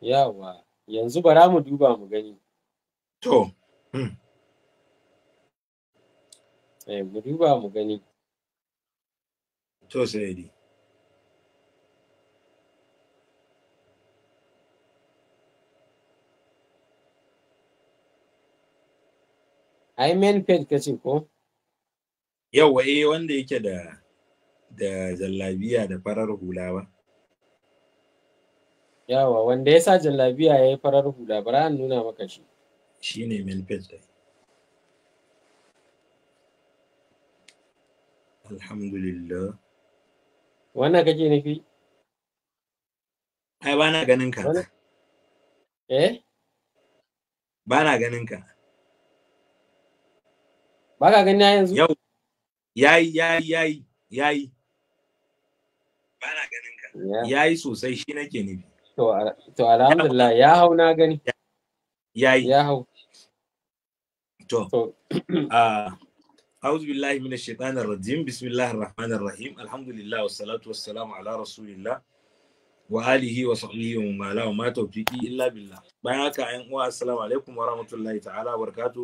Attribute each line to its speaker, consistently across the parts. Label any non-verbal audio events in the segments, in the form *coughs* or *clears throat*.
Speaker 1: Yawa, yanzu bara mu duba mu gani. To. Hmm. Eh, mu duba mu gani. To sai dai. ai main page kace ko
Speaker 2: yawa eh wanda yake da da zallabiya da farar hula ba
Speaker 1: yawa wanda ya sa jallabiya ya yi farar hula bara an nuna maka shi
Speaker 2: shi ne milfis dai
Speaker 1: alhamdulillah wannan kake nufi ai ba na ganin ka
Speaker 2: eh ba na ganin ka ba ka gani yanzu yau yayi yayi yayi yayi
Speaker 1: ba na ganin ka yayi sosai shi nake nufi To alhamdulillah ya hau na gani. Ya yi. Ya hau. To.
Speaker 2: أعوذ بالله من الشيطان الرجيم بسم الله الرحمن الرحيم الحمد لله والصلاة والسلام على رسول الله وآله وصحبه ومن والاه وما توفيقي إلا بالله بياك أن السلام عليكم ورحمة الله تعالى وبركاته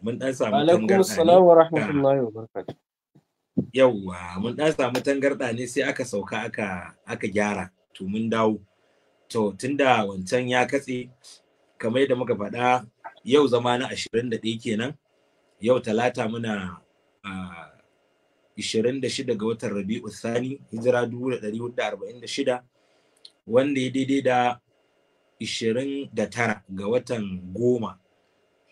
Speaker 2: من أنسى وعليكم السلام ورحمة الله
Speaker 1: وبركاته yawwa
Speaker 2: mun dan samu tangarda ne sai aka sauka aka aka gyara to mun dawo to tunda wancan ya katse kamar yadda muka faɗa yau zama na 21 kenan yau talata muna 26 ga watan rabi'u sani hijira 1446 wanda ya daidai da 29 ga watan goma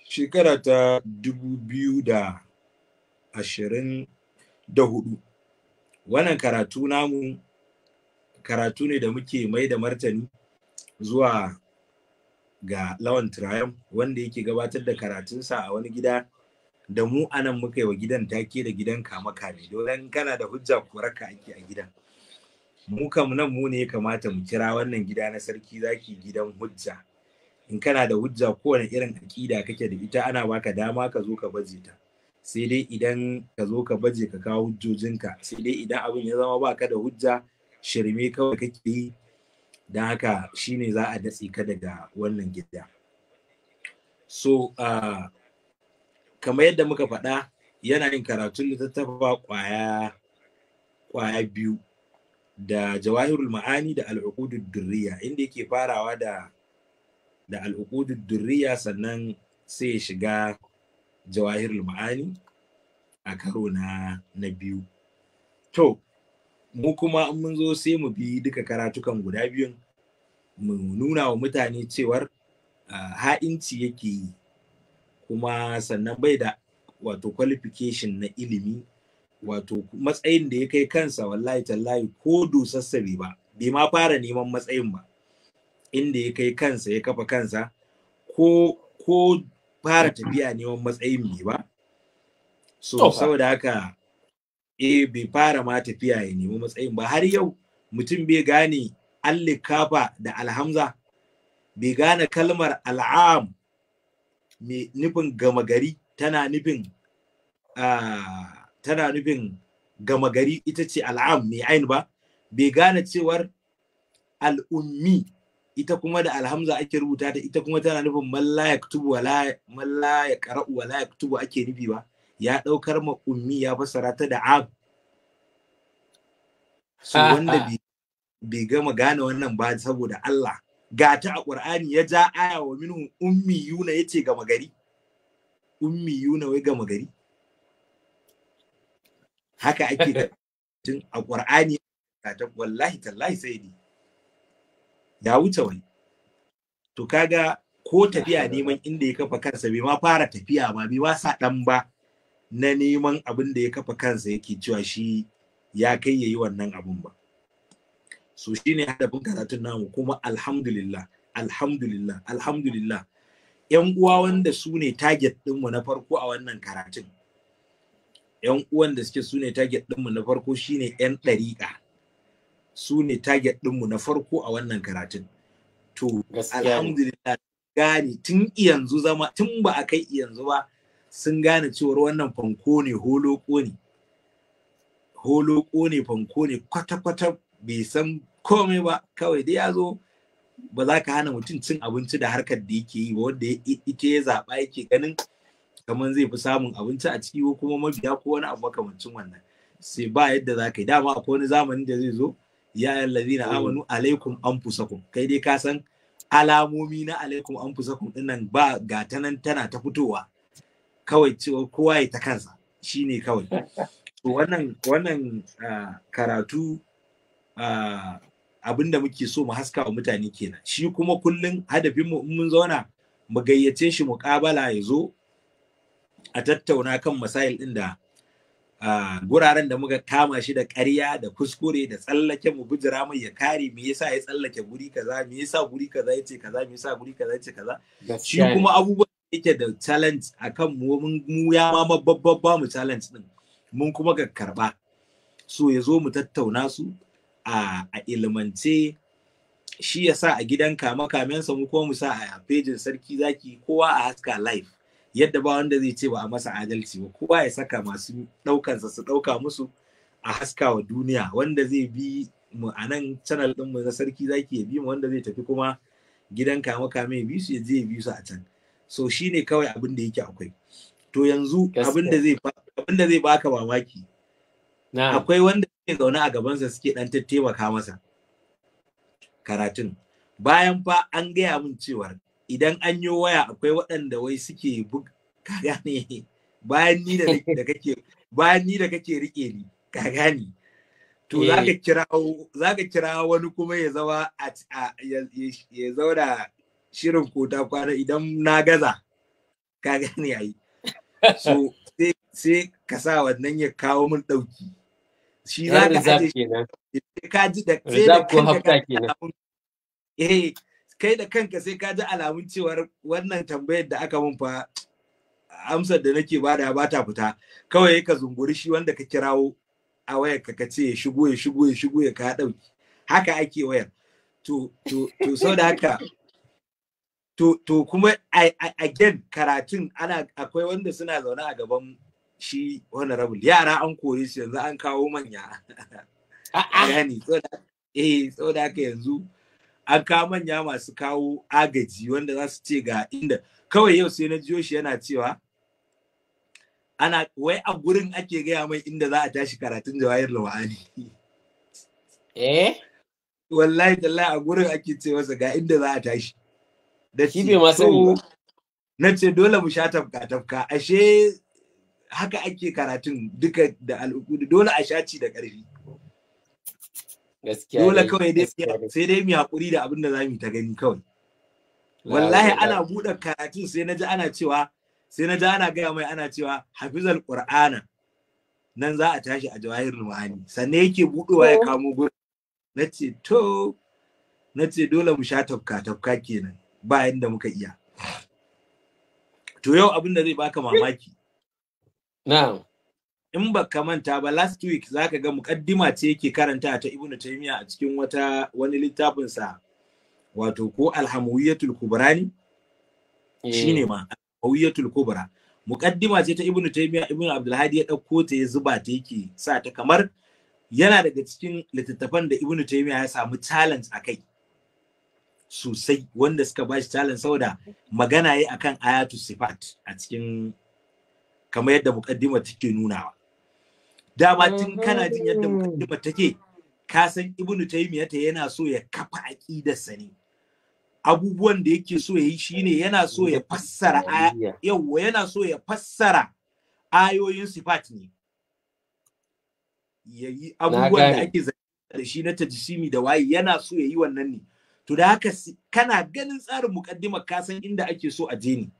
Speaker 2: shekara ta 2024 wannan karatu namu karatu ne da muke mai da martani zuwa ga lawan turayen wanda yake gabatar da karatunsa a wani gida da mu anan muka yi wa gidan take da gidan kama kame don kana da hujja koraka ake a gidan mu kam nan mu ne ya kamata mu kira wannan gida na sarki zaki gidan hujja in kana da hujja kowane irin aƙida kake da ita ana baka dama ka zo ka baje ta sai dai idan ka zo ka baje ka kawo hujjojinka sai dai idan abin ya zama baka da hujja shirme kawai kake yi don haka shi ne za a datse ka daga wannan gida so uh, kamar yadda muka faɗa yana yin karatun littattafa kwaya kwaya biyu da jawahirul ma'ani da al'uqudud durriya inda yake farawa da da al'uqudud durriya sannan sai ya shiga jawahirul ma'ani a karo na na biyu to mu kuma in mun zo sai mu bi duka karatukan guda biyun mu nuna wa mutane cewar ha'inci yake yi kuma sannan bai da wato qualification na ilimi wato matsayin da ya kai kansa wallahi tallahi ko dusassabe ba bai ma fara neman matsayin ba inda ya kai kansa ya kafa kansa ko ko fara tafiya neman matsayin bai ba so saboda haka eh bai fara ma tafiya ya nemi matsayin ba har yau mutum bai gane allikafa da alhamza bai gane kalmar al'am mai nufin gama gari tana nufin ah, tana nufin gama gari ita ce al'am mai ain ba bai gane cewar al'ummi ita kuma da alhamza ake rubuta ta ita kuma tana nufin malla ya wala ya kara'u wala ake nufi ba ya ɗaukar ma ummi ya fassara ta da ab
Speaker 3: su ah, wanda ah.
Speaker 2: bai gama gane wannan ba saboda Allah ga ta a ƙur'ani ya ja aya wa minhum ummi yuna yace gama gari ummi yuna wai gama gari haka ake tun a ƙur'ani wallahi tallahi sai ne ya wuce wani to kaga ko tafiya neman inda ya kafa kansa bai ma fara tafiya ba bai ma sa dan ba na neman abin da ya kafa kansa yake cewa shi ya kai ya yi wannan abin ba so shi ne hadafin karatun namu kuma alhamdulillah alhamdulillah alhamdulillah yan uwa wanda su ne target ɗinmu na farko a wannan karatun yan uwan da suke su ne target ɗinmu na farko shine yan ɗariƙa su ne target ɗinmu na farko a wannan karatun to alhamdulillah Gani tun yanzu zama tun ba a kai yanzu ba sun gane cewar wannan fanko ne holoko ne holoko ne fanko ne kwata-kwata bai san komai ba kawai dai ya zo ba za ka hana mutum cin abinci da harkar da yake yi ba wanda ita ya zaɓa yake ganin kamar zai fi samun abinci a ciki ko kuma mabiya ko wani abu makamancin wannan sai ba yadda za ka yi dama akwai wani zamanin da zai zo ya lazina mm. amanu alaikum anfusakum kai dai ka san alamomi na alaikum anfusakum din nan ba ga nan tana ta fitowa kawai cewa kowa ya ta kansa ne kawai wannan uh, karatu abin da muke so mu haska wa mutane kenan shi kuma kullum hadafin mu mun zauna mu gayyace shi mu kabala ya zo a tattauna kan masayil ɗin da guraren da muka kama shi da ƙarya da kuskure da tsallake mu bijira mai ya kare me yasa ya tsallake guri kaza me yasa guri kaza yace kaza me yasa guri kaza yace kaza shi kuma abubuwan ita da challenge a kan mu mu ya ma babban ba mu challenge din mun kuma ga karba so ya zo mu tattauna su a a ilmance shi ya sa a gidan kama kamensa mu kuma mu sa a pejin sarki zaki kowa a haska live yadda ba wanda zai ce ba a masa adalci ba kowa ya saka masu ɗaukansa su dauka musu a haska wa duniya wanda zai bi mu a nan channel din mu na sarki zaki ya bi mu wanda zai tafi kuma gidan kama kame bi su ya je bi su a can so shine kawai abin da yake akwai to yanzu abin da zai abin da zai baka mamaki akwai wanda ke zaune a gabansa suke dan taimaka masa karatun bayan fa an gaya min cewar idan an yi waya akwai waɗanda wai suke bug ka gane bayan ni da kake bayan ni da kake rike ni ka gane to zaka kira zaka kira wani kuma ya zama ya zauna shirin ko ta kwana idan na gaza ka gani yayi so sai sai ka sa wannan ya kawo min dauki shi za ka aje shi ka ji da sai da kanka eh kai da kanka sai ka ji alamun cewar wannan tambayar da aka mun fa amsar da nake bada ba ta fita kawai ka zunguri shi wanda ka kirawo a wayar ka ce ya shigo ya shigo ya shigo ya ka dauki haka ake wayar to to to sau da haka to to kuma again karatun ana akwai wanda suna zaune a gaban shi honorable yara an kore su yanzu an kawo manya ah, ah. yani eh da haka yanzu an kawo manya masu kawo agaji wanda za su ce ga inda kawai yau sai na jiyo shi yana cewa ana wai a gurin ake gaya mai inda za a tashi karatun jawahir lawani eh wallahi tallahi a gurin ake ce masa ga inda za a tashi da shi ne ma sani na ce dole mu sha tafka tafka ashe haka ake karatun duka da al'ukudu dole a sha ci da ƙarfi
Speaker 1: dole kawai dai
Speaker 2: sai dai mu hakuri da abin da za mu ta gani kawai wallahi ana buɗe karatun sai na ji ana cewa sai na ji ana gaya mai ana cewa hafizal qur'ana nan za a tashi a jawahir ruhani sannan yake buɗewa ya oh. kamo gudu na ce to na ce dole mu sha tafka tafka kenan ba yadda muka iya to yau abin da zai baka mamaki na'am in ba ka manta ba last week zaka ga mukaddima ce yake karanta ta Ibn taymiya a cikin wata wani littafin sa wato ko alhamawiyatul kubra ne eh. shine ma alhamawiyatul kubra mukaddima ce ta ibnu taymiya ibnu abdulhadi ya dauko ta ya zuba ta yake sa ta kamar yana daga cikin littattafan da Ibn taymiya ya samu challenge a kai sosai wanda suka ba shi challenge saboda magana yi akan ayatu sifat a cikin kamar yadda mukaddima take nunawa Da ba tun kana jin yadda mhm. mukaddima take ka san ibnu ta yana so ya kafa aqidarsa ne abubuwan da yake so yayi shine yana so ya fassara yawa yana so ya fassara ayoyin sifat ne yayi abubuwan da ake zai da shi na tajsimi da waye yana so yayi wannan ne to da haka kana ganin tsarin mukaddimar ka san inda ake so a je ni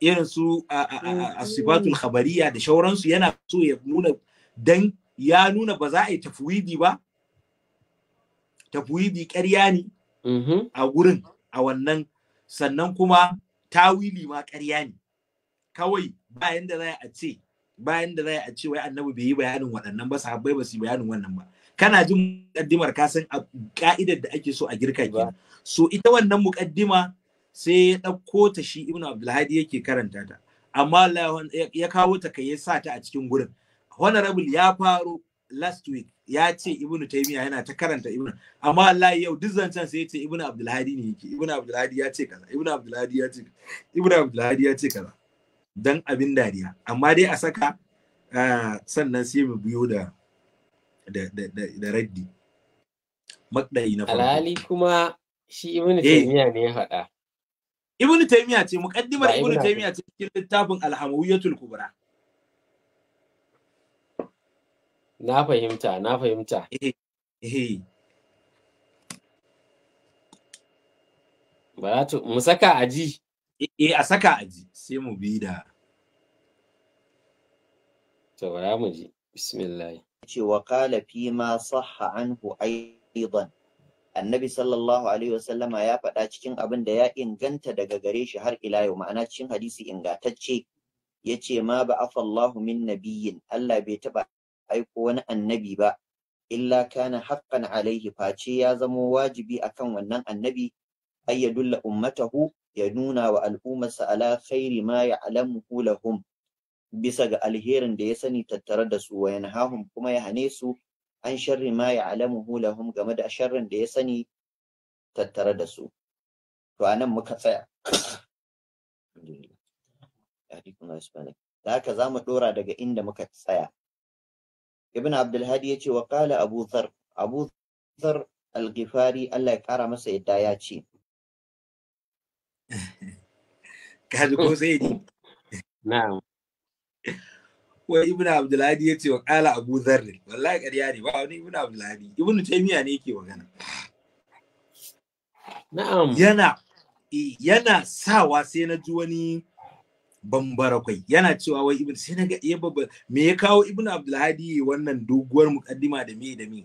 Speaker 2: irin su a sifatul khabariya da shauransu yana so ya nuna dan ya nuna ba za a yi tafwidi ba tafwidi ƙarya ne mm-hmm. a gurin a wannan sannan kuma tawili ma ƙarya ne kawai ba yanda za a ce ba yanda za a ce wai annabi bai yi bayanin waɗannan ba sahabbai ba su yi bayanin wannan ba kana jin mukaddimar ka san ka'idar da ake so a girka kenan so ita wannan mukaddima sai ya ɗauko ta shi ibnu abdulhadi yake karanta ta amma ya kawo ta kai ya sa ta a cikin gurin honorable ya faro last week ya ce ibnu taymiya yana ta karanta ibnu amma wallahi yau duk zancen sai ya ce ibnu abdulhadi ne yake ibnu abdulhadi ya ce kaza ibnu abdulhadi ya ce ibnu abdulhadi ya ce kaza dan abin dariya amma dai a saka ah, sannan sai mu biyo da da raddi maɗayi na farko alhali
Speaker 1: kuma shi ibn eh. taymiya ne
Speaker 2: ya faɗa ibn taymiya ce muqaddimar ibn taymiya ce cikin littafin Alhamawiyatul kubra
Speaker 1: na fahimta na fahimta eh, eh. ba to mu saka aji eh a saka aji sai mu bi da
Speaker 4: to bara mu ji
Speaker 1: bismillah
Speaker 4: Yace, wa qala fi ma sahha anhu aizon." annabi sallallahu alaihi wasallama ya faɗa cikin abin da ya inganta daga gare shi har ila yau ma'ana cikin hadisi ingatacce Yace ma ba afallahu min nabiyyin Allah bai taɓa aiko wani annabi ba illa kana haqqan alaihi face ya zamo wajibi akan wannan annabi Ai ay yadulla ummatahu ya nuna wa al'ummarsa ala khairi ma ya'lamuhu hum. bisa ga alherin da ya sani tattare da su wayan yanhahum kuma ya hane su an sharri ma alamu lahum game da sharrin da ya sani tattare da su to anan muka tsaya da haka za mu ɗora daga inda muka tsaya ibn abdulhadi ya ce wa kala abu zar abu zar alghifari allah ya kara masa yadda ya ce *laughs* ko sai
Speaker 3: na'am
Speaker 2: wai ibn abdulhadi ya ce wa kala abu zarri wallahi ƙarya ne ba wani ibn abdulhadi ibn taymiya ne yake magana na'am yana e, yana sawa sai na ji wani bambara kwai yana cewa wai ibn sai na ga ya babba me ya kawo ibn abdulhadi wannan doguwar mukaddima da me da me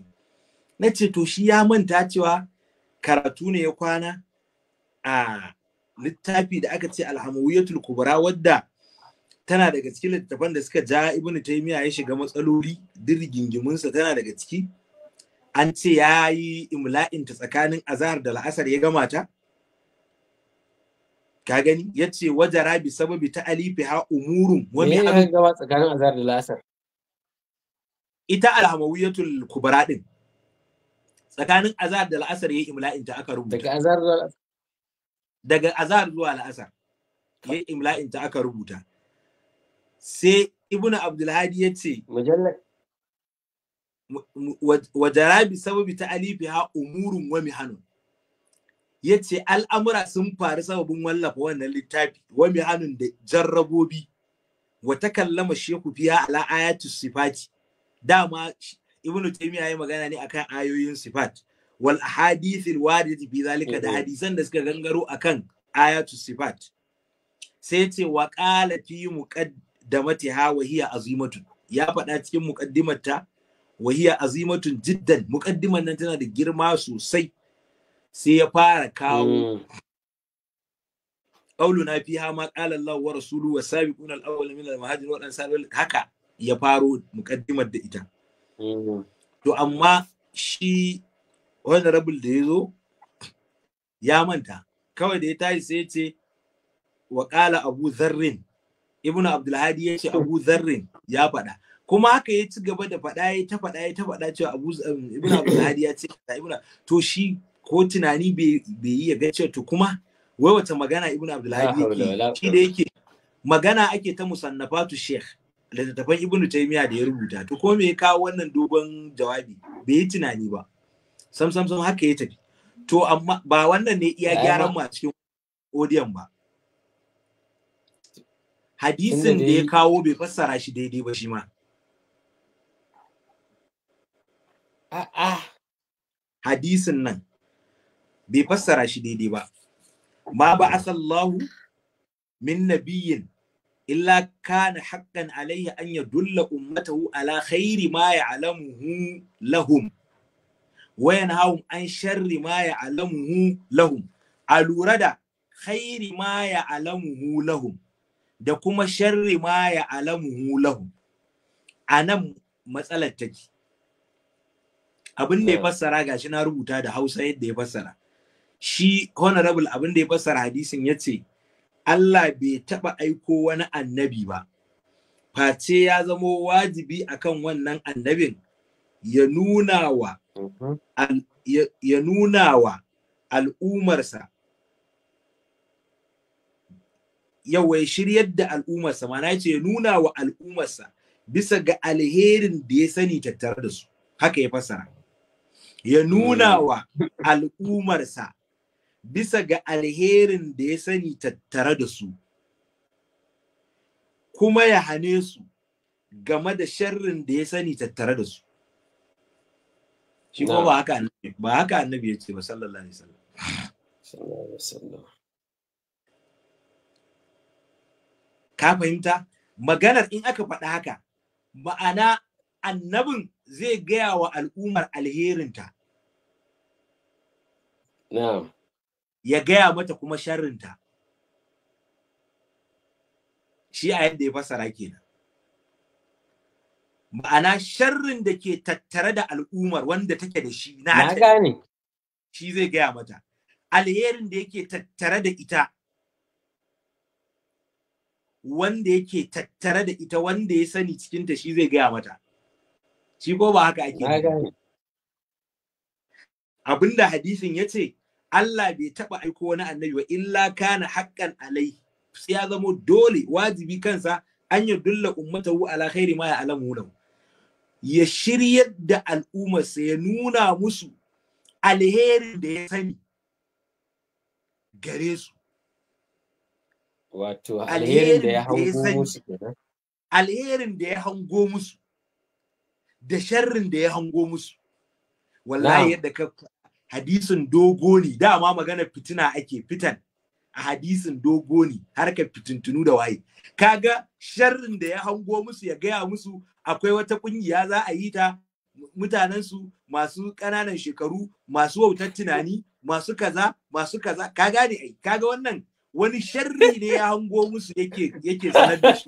Speaker 2: na ce to shi ya manta cewa karatu ne ya kwana a littafi da aka ce alhamawiyatul kubra wadda tana daga cikin littattafan da suka ja ibn taymiya ya shiga matsaloli dirgingiminsa tana daga ciki an ce ya yi imla'in ta tsakanin azahar da la'asar ya gama ta ka gani ya ce wajara bi sababi ta alifi ha umurun wani ya gama tsakanin azahar da la'asar ita alhamawiyatul kubra din tsakanin azahar da la'asar ya yi imla'in ta aka rubuta daga azahar zuwa la'asar ya yi imla'in ta aka rubuta sai ibnu abdulhadi ya ce wa jarabi sababi ta alifi ha umurun wa ya ce al'amura sun faru sababin wallafa wannan littafi wa mihanun da jarrabobi wa ta kallama sheku fiya ala ayatu sifati dama ibnu Taimiyya ya yi magana ne akan ayoyin sifat wal ahadithil waridi fi zalika da mm-hmm. hadisan da suka gangaro akan ayatu sifat sai ce wa qala fi muqaddimati da matiha wahiya azimatun ya faɗa cikin muƙaddimarta wahiya azimatun jiddan muƙaddimar nan tana da girma sosai sai ya fara kawo ƙaulu hmm. fiha ma qala Allah wa rasuluhu wa sabiquna al-awwal min al-muhajirin wa haka ya faro muqaddimar da ita hmm. to amma shi honorable da ya zo ya manta kawai da ya tashi sai ya ce wa qala abu zarrin ibn abdulhadi ya ce abu zarrin ya faɗa kuma haka ya ci gaba da faɗa ya ta faɗa ya ta faɗa cewa abu um, ibn abdulhadi ya ce ibn to shi ko tunani bai yi ya ga cewa to kuma wai wata magana ibn abdulhadi yake shi da yake magana ake ta musannafatu sheikh littattafan ibn taymiya da ya rubuta to ko me ya kawo wannan dogon jawabi bai yi tunani ba sam sam sam haka ya tafi to amma ba wannan ne iya gyaran mu a cikin odiyon ba hadisin da ya kawo bai fassara shi daidai ba shi ma a'a hadisin nan bai fassara shi daidai ba ma ba asallahu min nabiyyin illa kana haqqan alayhi an ya dulla ummatahu ala khairi ma ya'lamuhu lahum Wayan yanhahum an sharri ma ya'lamuhu lahum lura da khairi ma ya'lamuhu lahum da kuma sharri ma ya alamu lahu a nan matsalar take abin da ya eh. fassara gashi na rubuta da hausa yadda ya fassara shi honorable abin da ya fassara hadisin ya ce Allah bai taɓa aiko wani annabi ba face ya zamo wajibi akan wannan annabin ya nuna wa mhm. al'ummarsa. nuna yau ya shiryar da al'ummarsa mana ce ya nuna wa al'ummarsa bisa ga alherin da ya sani tattare da su haka ya fasara ya nuna hmm. wa al'ummarsa bisa ga alherin da ya sani tattare da su kuma ya hane su game da sharrin da ya sani tattare da su shi kuma ba haka annabi ya ce ba sallallahu alaihi wasallam ka fahimta maganar in aka faɗa haka ma'ana annabin zai gaya wa al'ummar alherinta ya gaya mata kuma sharrinta shi a yadda ya fasara kenan ma'ana sharrin da ke tattare da al'ummar wanda take da shi na gane shi zai gaya mata alherin da yake tattare da ita wanda yake tattare da ita wanda ya sani cikinta shi zai gaya mata shi ko ba haka ake abinda hadisin ya ce Allah bai taɓa aiko wani annabi ba illa kana haƙƙan alai sai ya zamo dole wajibi kansa an ummata ummatahu ala khairi ma ya'lamu lahu ya shiryar da al'ummarsa ya nuna musu alherin da ya sani gare su
Speaker 1: wato alherin da ya hango musu
Speaker 2: alherin da ya hango musu da sharrin da ya hango musu wallahi yadda ka hadisin dogo ne dama magana fitina ake fitan a hadisin dogo ne har ka fitintunu da waye kaga sharrin da ya hango musu ya gaya musu akwai wata kungiya za a yi ta mutanensu masu ƙananan shekaru masu wautar tunani masu kaza masu kaza ka gane ai kaga wannan wani sharri ne ya hango musu yake yake sanar da shi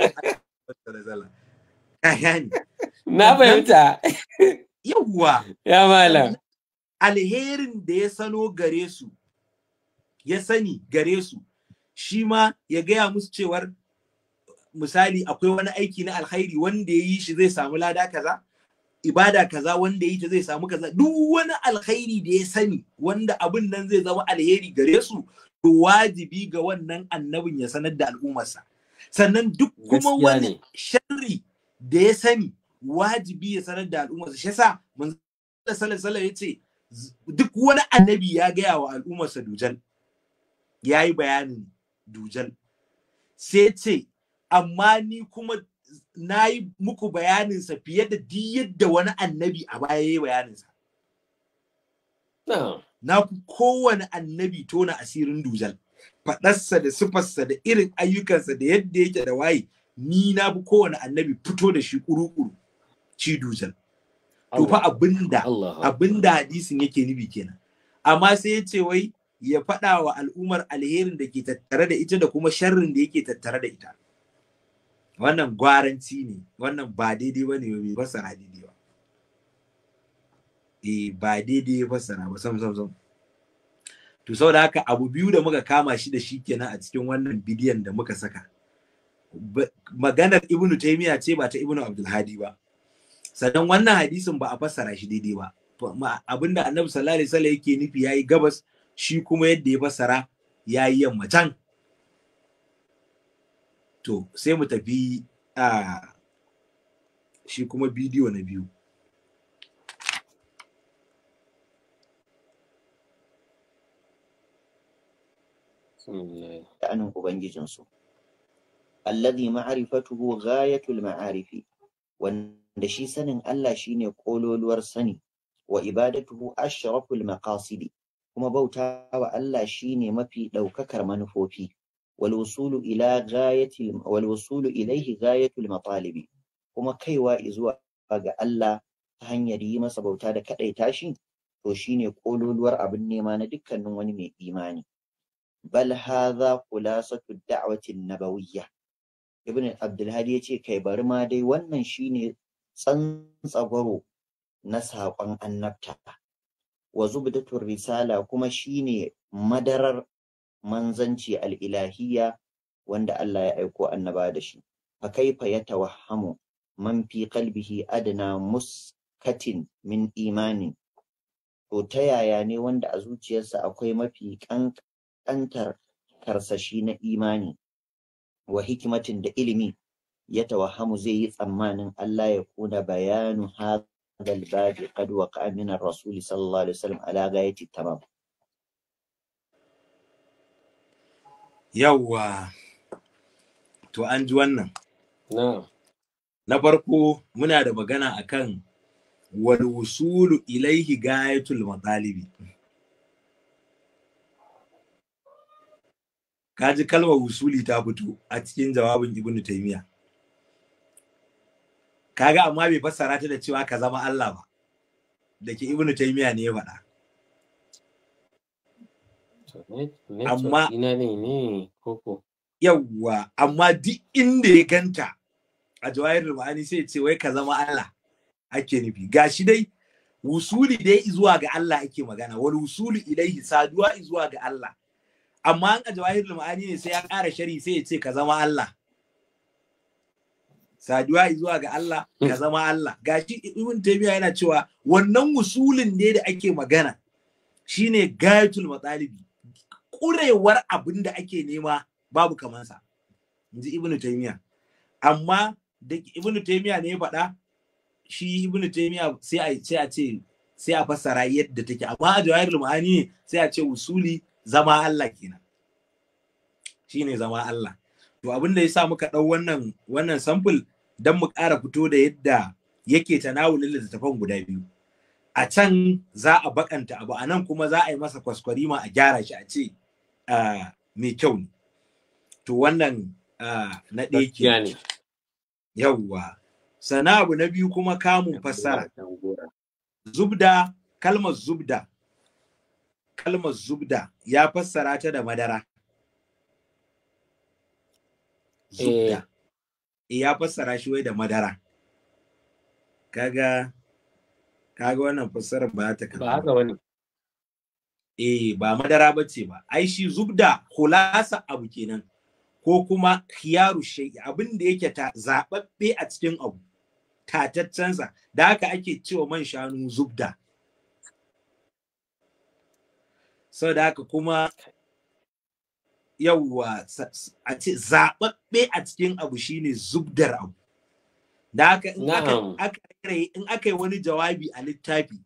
Speaker 2: na fahimta yawwa ya malam alherin da ya sano gare su ya sani gare su shi ma ya gaya musu cewar misali akwai wani aiki na alkhairi wanda ya yi shi zai samu lada kaza ibada kaza wanda ya yi ta zai samu kaza duk wani alkhairi da ya sani wanda abin nan zai zama alheri gare su wajibi ga wannan annabin ya sanar da al'ummarsa sannan duk kuma wani sharri da ya sani wajibi ya sanar da al'ummarsa shi yasa mun da ya ce duk wani annabi ya gaya wa al'ummarsa dujal ya yi bayanin dujal sai ce amma ni kuma na yi muku bayaninsa fiye da duk yadda wani annabi a baya ya yi bayaninsa. na ku kowane annabi tona asirin dujal faɗarsa da sufarsa da irin ayyukansa da yadda yake da waye ni na bi kowane annabi fito da shi kurukuru kuru ci dujal to fa abinda abinda hadisin yake nubi kenan amma sai ya ce wai ya faɗa wa al'ummar alherin da ke tattare da ita da kuma sharrin da yake tattare da ita wannan gwaranci ne wannan ba daidai ba ne ba sa daidai ba E, ba daidai ya fassara ba sam sam sam to saboda haka abu biyu da muka kama shi da shi kenan a cikin wannan bidiyon da muka saka maganar ibnu taymiya ce ba ta ibnu abdulhadi ba sannan wannan hadisin ba a fassara shi daidai ba abinda annabi sallallahu alaihi yake nufi yayi gabas shi kuma yadda ya fassara yayi yamma can to sai mu tafi a ah, shi kuma bidiyo na biyu
Speaker 4: sha'anin ubangijinsu alladhi ma'rifatuhu ghayatul ma'arifi wanda shi sanin Allah shine ƙololuwar sani wa ibadatuhu ashraful maqasidi kuma bauta wa Allah shine mafi daukakar manufofi wal ilaihi ila ghayati ghayatul kuma kaiwa izuwa ga Allah ta hanyar yi masa bauta da kadaita shi to shine ƙololuwar abin nema na dukkanin wani mai imani bal hadha khulasatu da'wati nabawiyya ibn abdulhadi yace kai bari ma dai wannan shine tsantsagwaro na saƙon annabta wa risala kuma shine madarar manzanci al'ilahiyya wanda Allah ya aiko annaba da shi fa kaifa yatawahhamu man fi qalbihi adna muskatin min imanin to ta yaya ne wanda a zuciyarsa akwai mafi ƙanƙantar karsashi na imani wa hikimatin da ilimi ya tawahamu zai yi tsammanin Allah ya kuna bayanu hadal babi qad waqa min ar-rasul sallallahu alaihi wasallam ala gayati tamam
Speaker 2: yawwa to an ji wannan na farko muna da magana akan wal wusulu ilaihi gayatul matalibi kaji kalmar usuli ta fito a cikin jawabin ibn taymiya kaga amma bai fassara ta da cewa ka zama Allah ba da ke ibn taymiya ne ya faɗa amma ina ne ne koko yawwa amma duk inda ya ganta a jawahir rubani sai ce wai ka zama Allah ake nufi gashi dai wusuli dai zuwa ga Allah ake magana wal wusuli ilaihi saduwa zuwa ga Allah amma an a jawahir ma'ani ne sai ya ƙara shari sai ya ce ka zama Allah saduwa zuwa ga Allah ka zama Allah gashi ibn taymiya yana cewa wannan usulin ne da ake magana shine gayatul matalibi kurewar abin da ake nema babu kaman sa inji ibn taymiya amma da ibn taymiya ne faɗa shi ibn taymiya sai a ce sai a fassara yadda take amma a jawahirul ma'ani sai a ce usuli zama Allah kenan shine zama Allah to abin da yasa muka dau wannan wannan sample dan mu ƙara fito da yadda yake tanawulin littattafan guda biyu a can za a bakanta abu a nan kuma za a yi masa ma a gyara shi a ce mai kyau ne to wannan na ɗaya ke yawwa sana abu na biyu kuma kamun fassara zubda kalmar zubda kalmar zubda ya fassara ta da madara. Zubda. Eh. Eh, ya fassara shi wai da madara. Kaga kaga wannan fassara ba ta kama. Ba haka wani. Eh ba madara ba ce ba. Ai shi zubda hulasa abu kenan. Ko kuma hiyaru shay'i abin da yake ta zaɓaɓɓe a cikin abu. Tataccensa da haka ake cewa man shanu zubda. saboda haka kuma yauwa a ce zaɓaɓɓe a cikin abu shine zubdar abu da haka in aka yi wani jawabi a littafi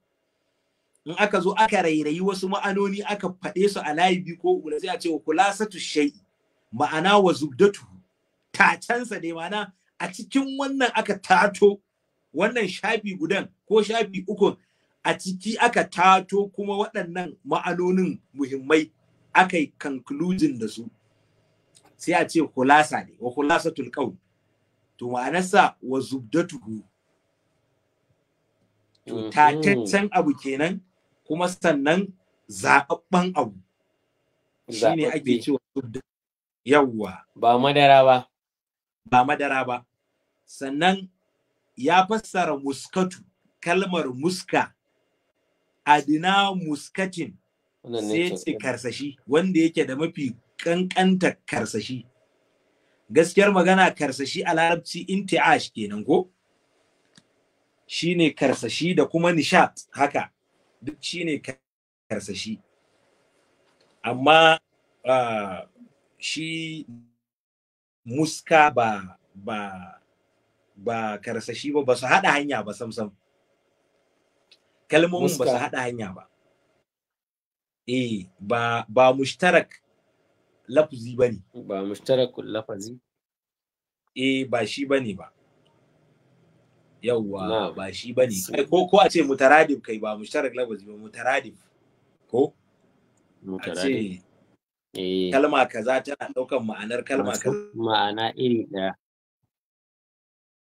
Speaker 2: in aka zo aka rairayi wasu ma'anoni aka faɗe su a layibi ko uku sai a ce wa kula satu shai ma'ana wa zubdatu tacensa ne ma'ana a cikin wannan aka tato wannan shafi gudan ko shafi uku a ciki aka tato kuma waɗannan ma'anonin muhimmai aka yi conclusion da su sai a ce kulasa ne wa kulasatul qawl to ma'anarsa wa Zubda tuhu
Speaker 3: to mhm. tataccen
Speaker 2: abu kenan kuma sannan zaɓaɓɓen abu ne ake cewa zubda yawwa ba madara ba ba madara ba sannan ya fassara muskatu kalmar muska adina muskatin
Speaker 1: sai ce
Speaker 2: karsashi wanda yake da mafi kankanta karsashi gaskiyar magana karsashi a larabci inti'ash kenan ko shine karsashi da kuma nishat haka duk shine karsashi amma uh, shi muska ba karsashi ba ba su haɗa hanya ba samsam kalmomin ba su haɗa hanya ba eh ba ba mushtarak lafazi ba ne ba mushtarak lafazi eh ba shi ba ne ba
Speaker 1: yawwa
Speaker 2: ba shi ba ne kai ko ko a ce mutaradif kai ba mushtarak lafazi ba mutaradif
Speaker 1: ko mutaradif eh. kalma kaza
Speaker 2: tana daukan ma'anar kalma kaza
Speaker 1: ma'ana iri ɗaya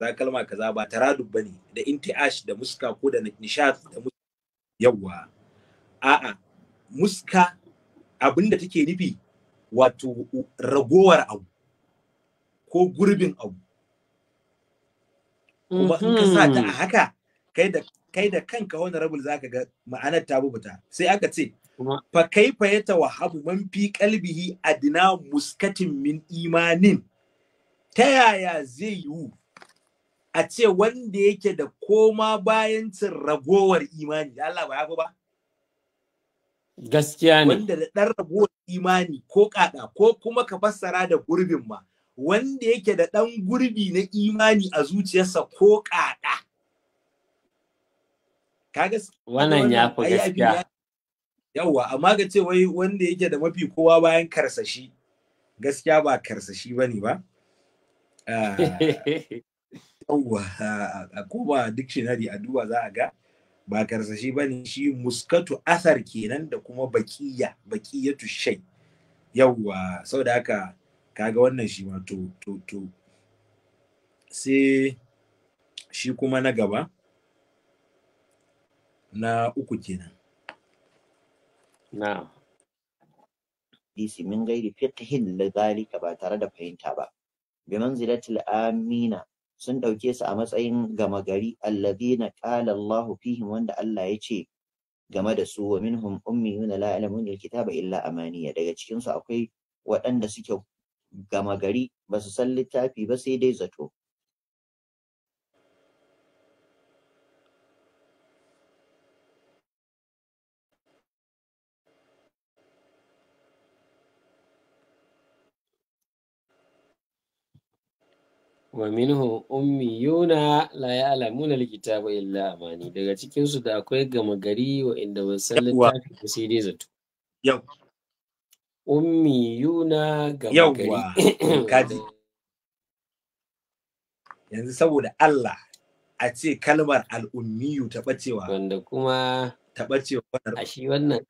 Speaker 2: za kalma kaza ba taradud bane da intiash da muska ko da nishat da yawa a'a muska abinda take nufi wato ragowar abu ko gurbin abu kuma in ka sa ta a mm-hmm. haka kai da kai da kanka rabul zaka ga ma'anar ta bubuta sai aka ce fa fa yata wahabu man fi qalbihi adna muskatin min imanin ta yaya zai yiwu a ce wanda yake da koma bayan cin ragowar imani Allah ba yafi ba
Speaker 1: gaskiya ne wanda
Speaker 2: da dan ragowar imani ko kada ko kuma ka fassara da gurbin ma wanda yake da dan gurbi na imani a zuciyarsa ko kada kaga wannan ya fi gaskiya yawa amma ga ce wai wanda yake da mafi kowa bayan karsashi gaskiya ba karsashi bane ba ah. *laughs* yawwa a koma dictionary a duba za a ga ba karsashi ba ne shi muskatu asar kenan da kuma bakiya bakiyatu shai yauwa sau da haka kaga wannan shi ma to to to sai shi kuma na gaba na uku kenan
Speaker 4: na disi min gairi fiqhin lidhalika ba tare da fahimta ba bi manzilatul amina sun ɗauke su a matsayin gama gari alladhina qala Allahu fihim wanda Allah ya ce game da su wa minhum ummiyuna la ya'lamuna alkitaba illa amaniya daga cikinsu akwai waɗanda suke gama gari ba su san littafi ba sai dai zato
Speaker 1: wa minhum ummiyuna la ya'lamuna alkitaba illa amani daga cikin su da akwai gama gari wa inda ban san littafi ba sai dai zato yau ummiyuna gama gari *coughs* kaji yanzu saboda
Speaker 2: Allah a ce kalmar al'ummiyu ta bacewa wanda kuma ta bacewa a shi wannan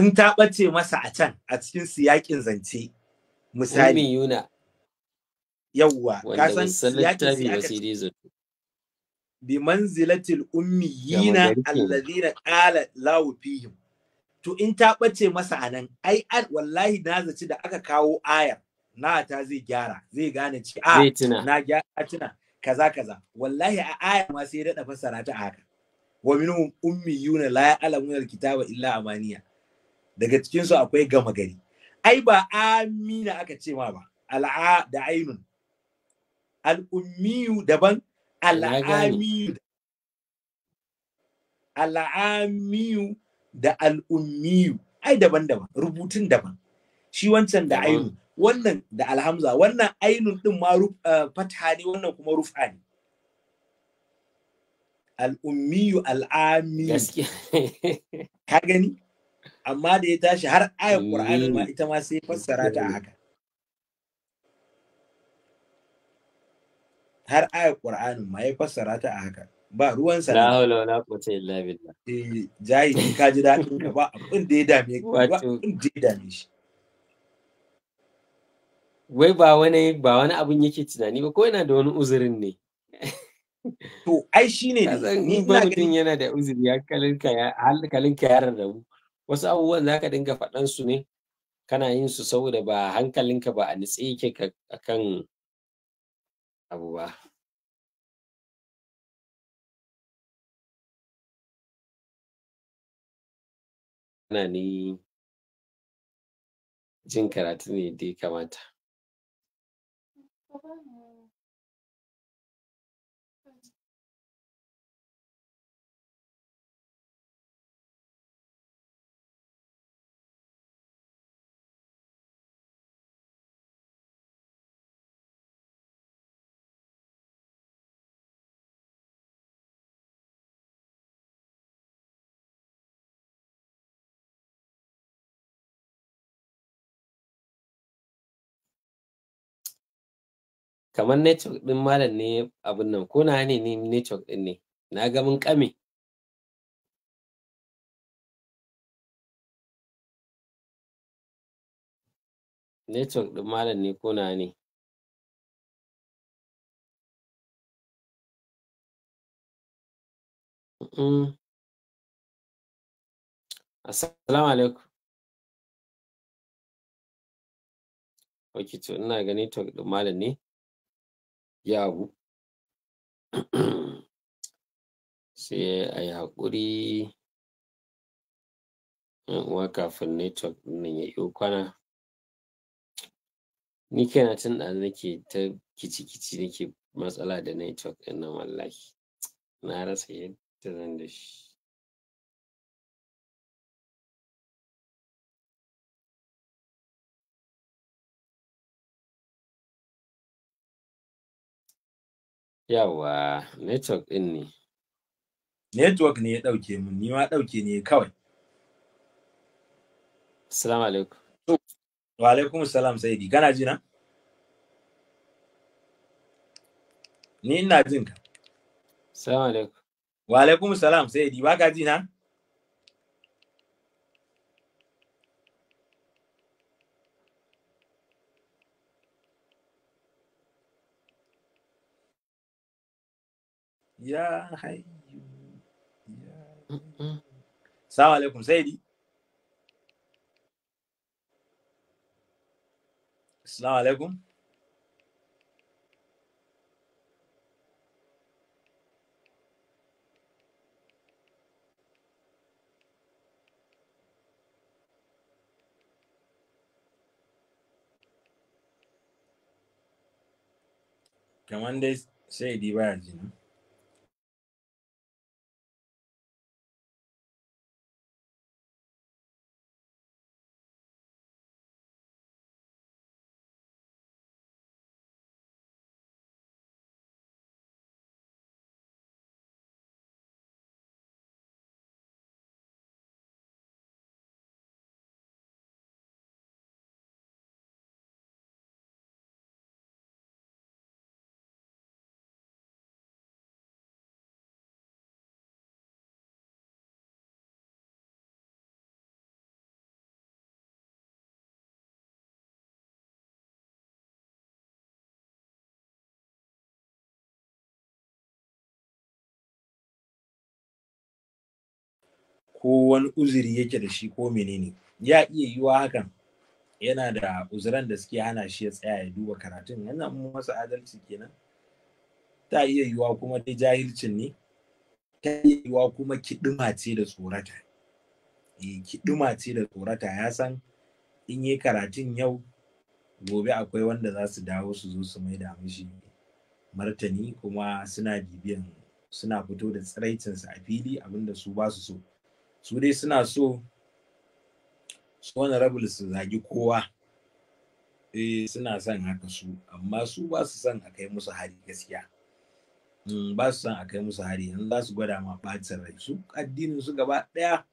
Speaker 2: in ta bace masa a can a cikin siyakin zance misali yuna yawwa ka san siyaki aka bi manzilatil ummiyina alladhina qala lahu fihim to in ta bace masa anan ai wallahi na zaci da aka kawo ayar na ta zai gyara zai gane ci ah, a na gyara tuna kaza kaza wallahi a ayar ma sai daɗa fassara ta haka wa minhum ummiyuna la ya'lamuna alkitaba illa amaniya daga cikin su akwai gama gari ai ba amina aka ce ma ba al'a da ainun al'ummiyu daban al'amiyu al'amiyu da al'ummiyu ai daban-daban rubutun daban shi wancan da ainun wannan da alhamza wannan ainun din ma eh, fatha ne wannan kuma rufa ne al'ummiyu al'amiyu *laughs* ka gani amma da ya tashi har ayar ƙur'ani mm. ma ita ma sai fassara ta haka har ayar ƙur'ani ma ya fassara ta haka ba ruwan sa la hawla
Speaker 1: wala quwwata illa billah eh jayi ka ji dadin ka ba abin da ya dame ka ba abin da ya dame shi wai ba wani ba wani abin yake tunani ba ko yana da wani uzurin ne to ai shine ne ni ba mutun yana da uzuri ya kalinka ya halkalinka ya rarrabu wasu abubuwan za ka dinga faɗan su ne kana yin su saboda ba hankalinka ba a nitse yake
Speaker 3: kan abu ba ana ni jin karatu ne da ya kamata kamar network din malam ne abin nan ko na ne ne network din ne na ga mun kame network din malam ne ko na ne Assalamu alaikum. Ok, ina ga network din malam ne. yawu *clears throat* sai a yi haƙuri ƴan uwa
Speaker 1: kafin network ɗin nan ya yi kwana ni na tun ɗazu
Speaker 3: nake ta kici-kici nake matsala da network ɗin nan wallahi na rasa yadda zan da shi Yawa, network ɗin ne. Network ne ya ɗauke mun, ni ma ɗauke ne kawai.
Speaker 2: Assalamu alaikum. Wa alaikum salam Saidi, kana ji na? Ni ina jin ka. Assalamu alaikum. Wa alaikum salam Saidi, baka ka ji na?
Speaker 3: ya hayyu
Speaker 2: Sawa alaikum saidi salamu alaikum
Speaker 3: kamar dai sai di baya jina. ko wani uzuri yake da shi ko menene
Speaker 2: ya iya yiwa hakan yana da uzuran da suke hana shi ya tsaya ya duba karatun yana masa adalci kenan ta iya yiwa kuma dai jahilcin ne ta iya yiwa kuma kiɗima ce da tsorata eh, kiɗima ce da tsorata ya san in yi karatun yau gobe akwai wanda za su dawo su zo su mai da mishi martani kuma suna bibiyan suna fito da tsiraicinsu a fili abinda su ba su so su dai suna so su wani rabul su zagi kowa eh suna son haka su amma su ba su son a kai musu hari gaskiya hmm, ba su son a kai musu hari yanzu za su gwada ma ɓacin rai su addinin su gaba ɗaya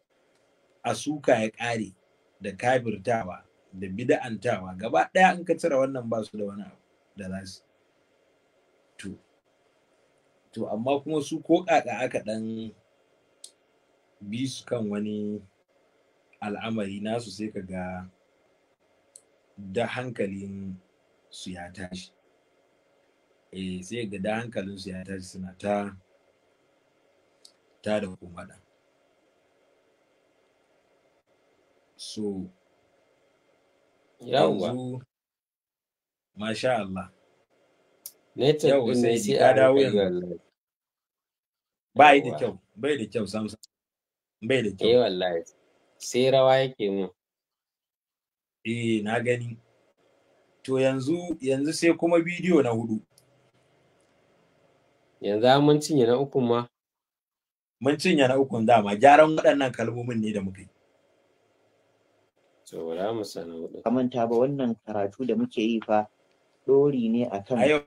Speaker 2: a suka ya ƙare da kafirtawa da bida'antawa gaba ɗaya in ka cire wannan ba su da wani abu da za su to to amma kuma su ko ƙaƙa aka ɗan bi su kan wani al'amari nasu sai ka ga da hankalin su ya tashi eh sai ga da hankalin su ya tashi suna ta ta da kuma so
Speaker 3: yawwa
Speaker 2: masha Allah
Speaker 1: network din sai ka dawo ba yi da kyau bai da kyau sam bai da kyau eh wallahi sai rawa yake mun eh na gani to yanzu yanzu sai kuma bidiyo na hudu yanzu mun cinye na uku ma
Speaker 2: mun cinye na ukun dama gyaran waɗannan kalmomin ne da muka yi
Speaker 4: saboda mu sana hudu kamanta ba wannan karatu da muke yi fa dori ne akan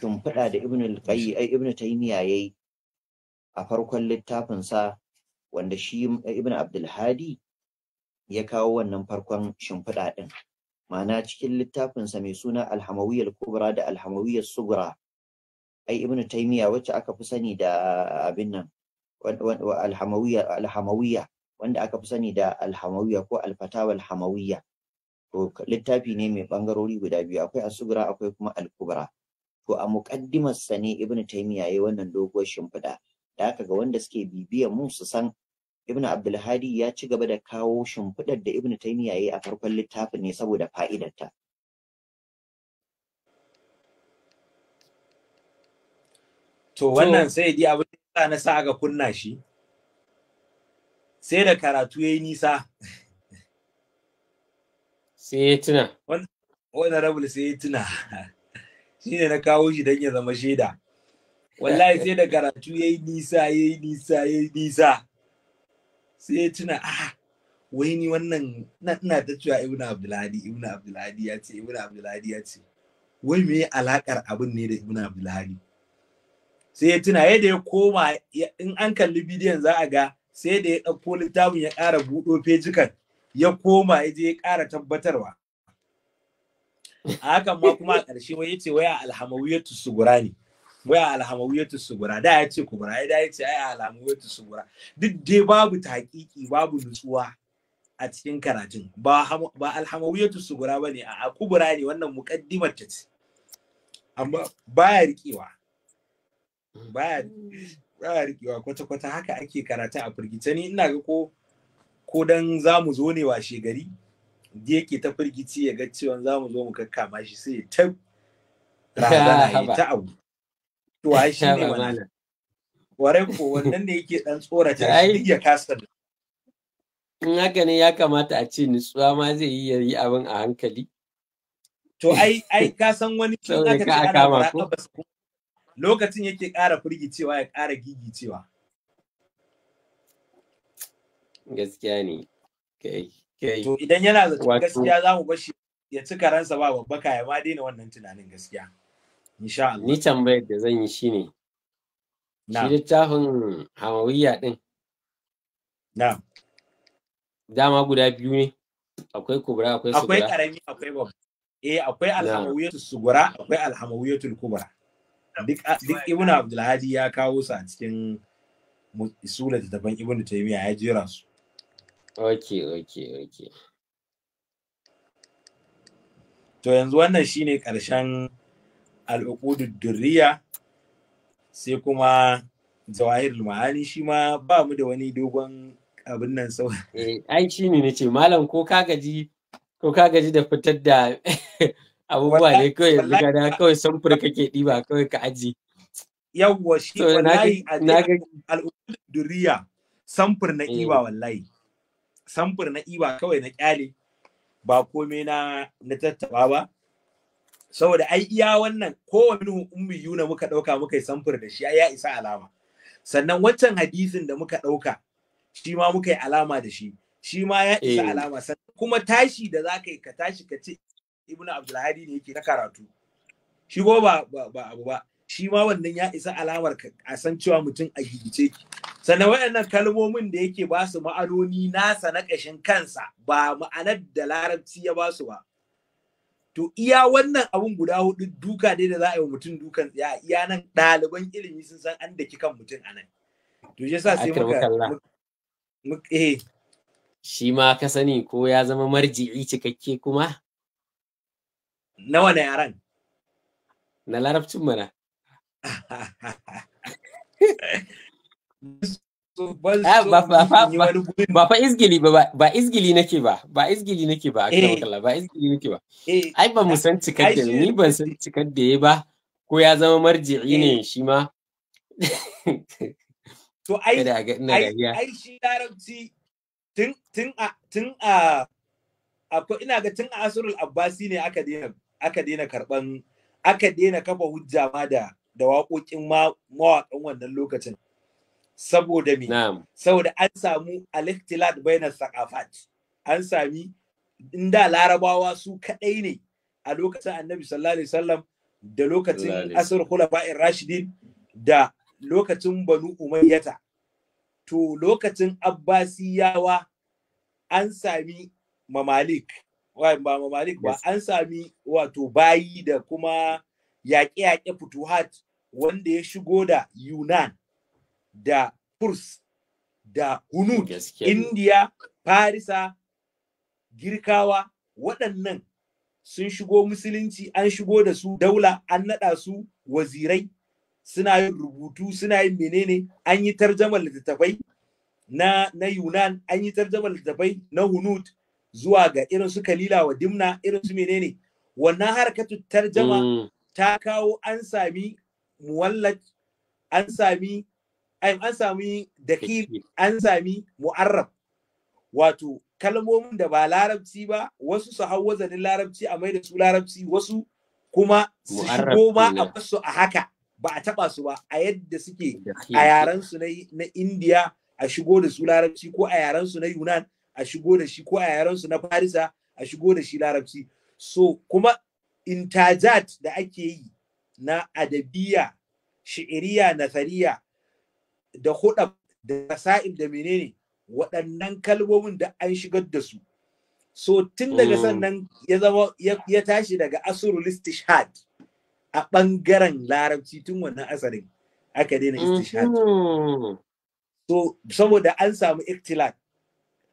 Speaker 4: tun fada da ibnu al-qayyim ibnu taymiya yayi a farkon littafin sa wanda shi eh, ibn abdulhadi ya kawo wannan farkon shimfiɗa ɗin ma'ana cikin littafinsa mai suna alhamawiyyar kubra da alhamawiyyar sugra ai ibn taimiya wacce aka fi sani da ah, abin nan Alhamawiya wanda aka fi sani da Alhamawiya ko alfatawa Alhamawiya? to littafi ne mai bangarori guda biyu akwai asugura akwai kuma alkubra to a sa ne ibn taimiya yayi wannan doguwar shimfiɗa da aka ga wanda suke bibiya mu su san ibn abdulhadi ya ci gaba da kawo shimfiɗar da ibn taymiya yayi a farkon littafin ne saboda fa'idarta
Speaker 2: to wannan sai di abu da na sa ga kunna shi sai da karatu yayi nisa
Speaker 1: sai ya tuna
Speaker 2: wannan rabul sai ya tuna *laughs* shine na kawo shi dan ya zama shaida wallahi sai da karatu yayi nisa yayi nisa yayi nisa sai ya tuna ah wai ni wannan na ina ta cewa ibnu abdulhadi ibnu abdulhadi ya ce ibnu abdulhadi ya ce wai me alakar abin ne da ibnu abdulhadi sai ya tuna yadda ya koma in an kalli bidiyon za a ga sai da ya ɗauko littafin ya ƙara buɗo fejikan ya koma ya je ya ƙara tabbatarwa a hakan ma kuma a ƙarshe wai ya ce wai a alhamawiyatu sugura ne waya alhamawiyatu subura da ya ce kubura da ya ce ai alhamawiyatu subura duk dai babu taƙiƙi babu nutsuwa a cikin karatun ba ba alhamawiyatu sugura bane a kubura ne wannan muqaddimar ta ce amma baya rikewa baya baya rikewa kwata kwata haka ake karatun a firgice ni ina ga ko ko dan zamu zo ne washe gari da yake ta firgici ya ga cewa zamu zo mu kakkama shi sai ta
Speaker 1: *laughs* rahana ta abu to ai shi ne malam
Speaker 2: ware ko wannan ne yake dan tsorata *laughs* shi ya kasa
Speaker 1: in haka ne ya kamata a ce nutsuwa ma zai yi yayi abin a hankali to ai ai ka san wani shi
Speaker 2: aka kama ko? lokacin yake ƙara firgicewa ya ƙara gigicewa
Speaker 1: gaskiya ne kai kai to idan yana zato gaskiya za
Speaker 2: mu bashi ya ci karansa ba babba ya ma daina wannan tunanin gaskiya
Speaker 1: Ni tambayar da zan yi shi ne. Shi littafin Hamawiyya ɗin. Dama guda biyu ne. Akwai kubra akwai sugura. Akwai
Speaker 2: ƙarami akwai babba.
Speaker 1: Eh akwai alhamawiyatul sugura
Speaker 2: akwai alhamawiyatul kubra. Duk ah, Ibn Abdulhadi ya kawo su a cikin sura da daban Ibn Taymiyyah ya jera su.
Speaker 1: Ok ok ok.
Speaker 2: To yanzu wannan shine ƙarshen al'uqudud durriya sai kuma zawahir
Speaker 1: ma'ani shi ma ba mu da wani dogon abin nan sau eh, ai shi ne nace malam ko ka gaji ko ka gaji da fitar da *laughs* abubuwa ne kawai yanzu da kawai samfur kake ɗiba, kawai ka aji yawwa shi wallahi al'ummar
Speaker 2: duriya samfur na eh. iba wallahi samfur na iba kawai na kyale ba komai na na tattaba ba saboda ai iya wannan kowane ummi yuna muka ɗauka muka yi samfur da shi ya isa alama sannan wancan hadisin da muka ɗauka shi ma muka yi alama da shi shi ma ya isa eh. alama sannan kuma tashi da za ka yi ka tashi ka ce ibnu abdulhadi ne yake na karatu shi ko ba ba abu ba shi ma wannan ya isa alamar ka a san cewa mutum a gigice ki sannan waɗannan kalmomin da yake ba su ma'anoni nasa na ƙashin kansa ba ma'anar da larabci ya ba su ba to iya wannan abun guda hudu duka dai da za a yi wa mutum dukan tsaya iya nan ɗaliban ilimi sun san an daki kan mutum a nan
Speaker 1: to sa sai muka eh shi ma ka sani ko ya zama marji'i cikakke kuma nawa na yaran na larabcin mana *laughs* ban so ah, ba gurin ba fa izgili ba ba izgili nake ba ba izgili nake ba akwai wakala eh. ba izgili nake ba eh. ai ba mu san cikar da ni ban san cikar da ya ba ko ya zama marji'i ne eh. shi ma to ai ai
Speaker 2: shi larabci
Speaker 1: tun tun a tun a
Speaker 2: akwai ina ga tun a asrul abbasi ne aka daina aka daina karban aka daina kafa hujja ma da da waƙoƙin mawaƙan wannan lokacin saboda me saboda an samu al-ikhtilat bainas saqafat an sami inda larabawa su kadai ne a lokacin annabi sallallahu alaihi wasallam da lokacin asr khulafa'ir rashidin da lokacin banu umayyata to lokacin abbasiyawa an sami mamalik ba mamalik ba an sami wato bayi da kuma yaƙe-yaƙe futuhat wanda ya shigo da yunan da Furs da Hunud, Indiya, Farisa, Girkawa, waɗannan sun shigo musulunci an shigo da su daula an naɗa su wazirai suna yin rubutu suna yin menene an yi tarjamar littattafai na, na Yunan an yi tarjamar littattafai na Hunud zuwa ga irin su Kalila wa Dimna irin su menene wannan harkatu tarjama mm. ta kawo an sami muwallat an sami an sami daki an sami mu'arrab wato kalmomin da ba larabci ba wasu su hau wazanin larabci a mai da su larabci wasu kuma su shigo ma a basu a haka ba a taba su ba a yadda suke a yaran su na indiya a shigo da su larabci ko a yaran su na yunan a shigo da shi ko a yaran su na farisa a shigo da shi larabci so kuma intajat da ake yi na adabiya shi'iriya nasariya da huɗa da sa'in da menene waɗannan kalmomin da an shigar da su so tun daga mm. sannan ya zama ya tashi daga asurul istishhad a ɓangaren larabci tun wannan asarin aka daina istishhad
Speaker 1: mm-hmm.
Speaker 2: so saboda an samu iktilat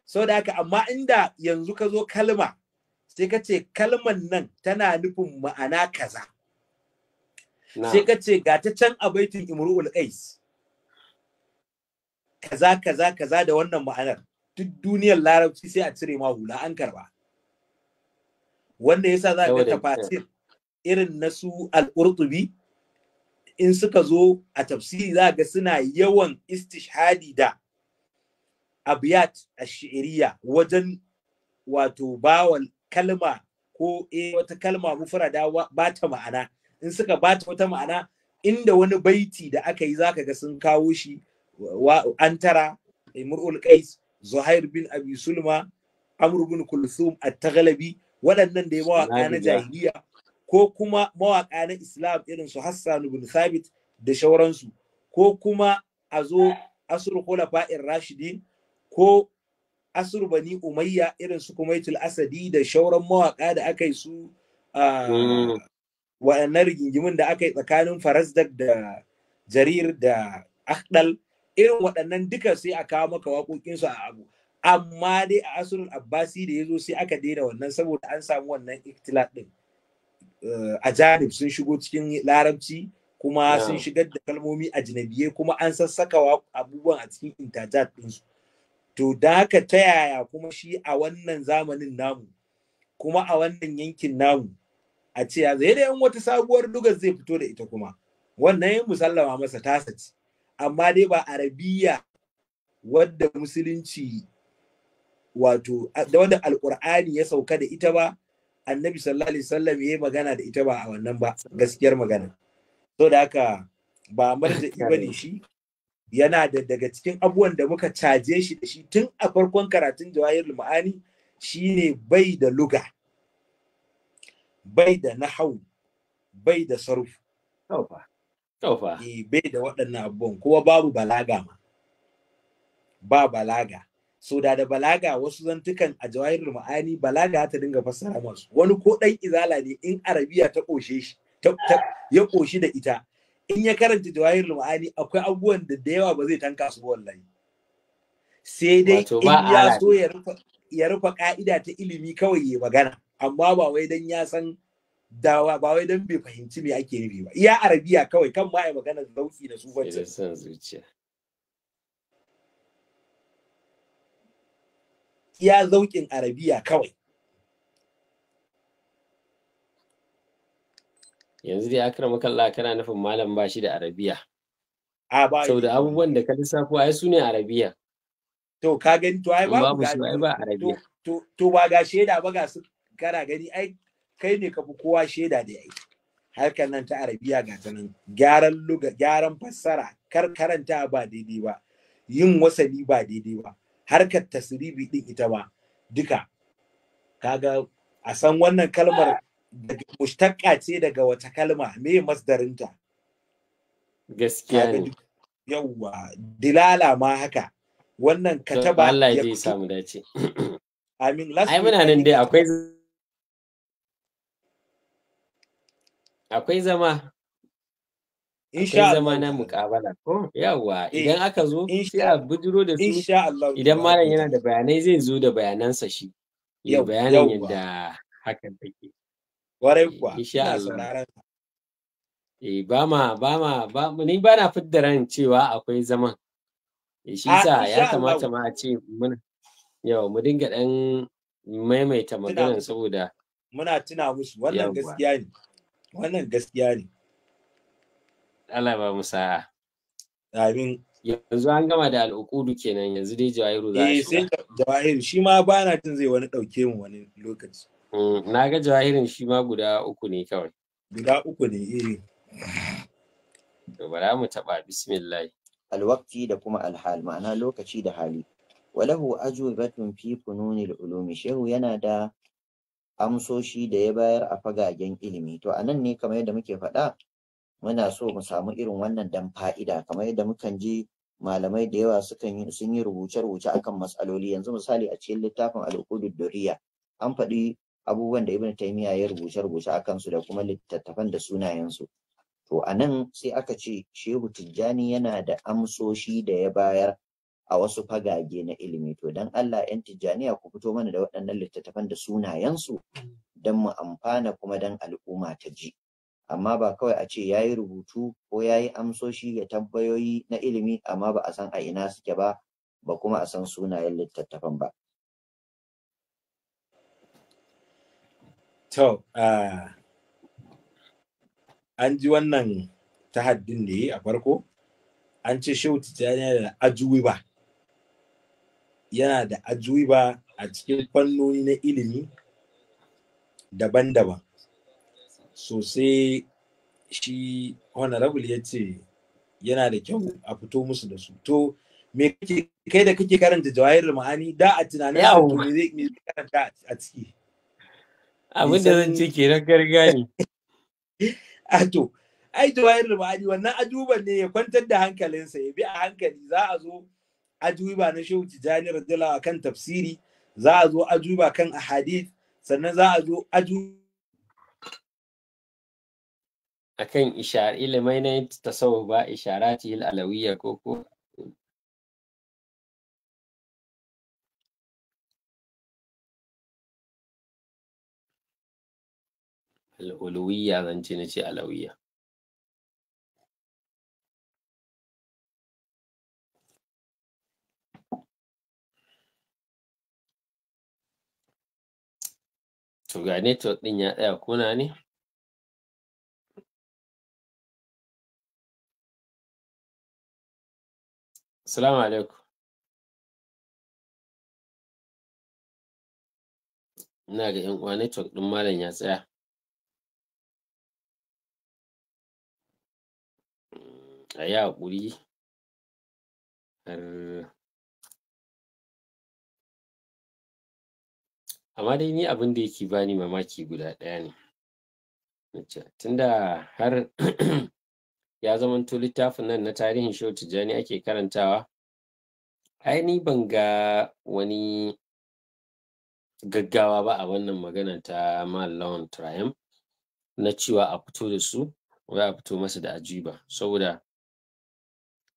Speaker 2: saboda haka amma inda yanzu ka zo kalma sai ka ce kalman nan tana nufin ma'ana kaza sai ka ce ga ta can a baitin imru'ul qais kaza kaza kaza da wannan ma'anar duk duniyar larabci sai a cire ma hula an karba wanda yasa za ga tafasir irin na su al-qurtubi in suka zo a tafsiri za ga suna yawan istishhadi da abiyat ash-shi'riyya wajen wato bawal kalma ko eh wata kalma mufrada ba ta ma'ana in suka ba ta wata ma'ana inda wani baiti da aka yi zaka ga sun kawo shi antara imrul qais zuhair bin abi sulma amr bin kulthum at-taghlabi waɗannan da mawaka na jahiliya ko kuma mawaka na islam irin su hassan bin thabit da shauransu ko kuma a zo asr khulafa'ir rashidin ko asr bani umayya irin su kumaitul asadi da shauran mawaka da aka yi su
Speaker 3: hmm.
Speaker 2: waɗannan rigingimin da aka yi tsakanin farazdak da jarir da akdal irin waɗannan duka sai a kawo maka waƙoƙinsu a abu amma dai a asirin abbasi da ya zo sai aka daina wannan saboda an samu wannan iktilat din eh, a janib sun shigo cikin larabci kuma sun shigar da kalmomi a jinabiye kuma an sassaka abubuwan a cikin intajat ɗinsu to da haka ta yaya kuma shi a wannan zamanin namu kuma a wannan yankin namu a ce ya zai da yan wata sabuwar dugar zai fito da ita kuma wannan ya musallama masa tasa ce amma dai ba arabiya wadda musulunci wato da wadda alkur'ani ya sauka da ita ba annabi sallallahu alaihi wasallam ya yi magana da ita ba a wannan ba gaskiyar magana so da haka ba marja ibani shi yana da daga cikin abubuwan da muka caje shi da shi tun a farkon karatun jawahirul ma'ani shine bai da luga bai da nahau bai da sarfu E, bai da waɗannan abubuwan kuma babu balaga ma ba balaga so da da balaga wasu zantukan a jawahirul ma'ani balaga ta dinga fassara masu wani ko ɗan izala ne in arabiya ta ƙoshe shi ya ƙoshi da ita in ya karanta jawahirul ma'ani akwai abubuwan da da yawa ba zai tanka su wallahi sai dai in ya so ya rufe ka'ida ta ilimi kawai ya magana amma ba wai dan ya san dawa ba wai dan bai fahimci me ake nufi ba iya arabiya kawai kan ma ai magana zauki da sufanci da san zuciya iya zaukin arabiya kawai
Speaker 1: yanzu dai maka Allah kana nufin malam ba shi da arabiya a ba sau da abubuwan da ka lissafo ai su ne arabiya to ka gani to ai ba ba arabiya to to ba
Speaker 2: ga sheda ba ga su kana gani ai kai ne ka fi kowa shaida da yayi harkar nan ta arabiya ga ta nan gyaran luga gyaran fassara kar karanta ba daidai ba yin wasani ba daidai ba harkar tasribi din ita ba duka kaga a san wannan kalmar Daga mushtaqqa ce daga wata kalma me masdarinta
Speaker 1: gaskiya ne yawwa dilala
Speaker 2: ma haka wannan kataba Allah ya samu dace amin ai muna
Speaker 1: nan dai akwai akwai zama Insha zama na mukabala ko oh. yawa eh, idan aka zo sai a bujiro da su idan malam yana da bayanai zai zo da bayanansa shi
Speaker 4: ya bayanin
Speaker 1: yadda hakan take warai eh, kuwa insha Allah eh ba ma ba ma ba ni ba na fidda ran cewa akwai zaman eh, shi sa ya kamata ma a ce mun yau mu dinga dan maimaita maganar saboda
Speaker 2: muna tuna musu wannan gaskiya
Speaker 1: ne wannan gaskiya ne Allah ba musa amin yanzu an gama da al'ukudu kenan yanzu dai jawahiru za a eh, sai
Speaker 2: jawahiru shi ma ba na jin zai wani ɗauke mu
Speaker 1: wani lokaci mm, na ga jawahirin shi ma guda uku ne kawai guda uku ne eh to bara mu taɓa bismillah
Speaker 4: alwaqti da kuma alhal ma'ana lokaci da hali walahu ajubatun fi fununil ulumi shehu yana da amsoshi da ya bayar a fagagen ilimi to a nan ne kamar yadda muke faɗa muna so mu samu irin wannan dan fa'ida kamar yadda mukan ji malamai da yawa sukan yi sun yi rubuce-rubuce akan matsaloli yanzu misali a cikin littafin al'ukudu duriya an faɗi abubuwan da ibn taymiya ya rubuce-rubuce akan su da kuma littattafan da sunayensu to a nan sai aka ce shehu tijjani yana da amsoshi da ya bayar a wasu fagage na ilimi to dan Allah yan tijjaniya ku fito mana da waɗannan littattafan da sunayensu don mu amfana kuma dan al'umma ta ji amma ba kawai a ce yayi rubutu ko yayi amsoshi ga tambayoyi na ilimi amma ba a san a ina suke ba ba kuma a san sunayen littattafan ba.
Speaker 3: To, an
Speaker 2: ji wannan tahaddin da yi a farko, an ce shehu tijjaniya da ajuwi ba. yana da ajuba a cikin fannoni na ilimi daban-daban sosai shi honorable ya ce yana da kyau a fito musu da su to me kake kai da kake karanta jawahir ma'ani da a tunanin me zai
Speaker 1: karanta a ciki abin da zan ce kenan gargani
Speaker 2: *laughs* a ah, to ai jawahir ma'ani wannan ajuban ne ya kwantar da hankalinsa ya bi a hankali za a zo ajuba na shehu tijani radiyallahu kan tafsiri za a zo ajuba kan
Speaker 1: ahadith sannan za a zo ajuba
Speaker 3: kan ishar ilimai na tasawuf ba isharati hil alawiyya ko ko al'ulawiyya zan ce na ce alawiyya to ga network ɗin ya tsaya kuna ne Assalamu alaikum. Ina ga ‘yan uwa network ɗin malam ya tsaya. A yi haƙuri amma dai ni abin da yake bani mamaki guda ɗaya ne tunda
Speaker 1: har *clears throat* ya zamanto littafin nan na tarihin show tijjani ake karantawa ai ni ban ga wani gaggawa ba a wannan magana ta Malon Triumph na cewa a fito da su wai a fito masa da ajiba saboda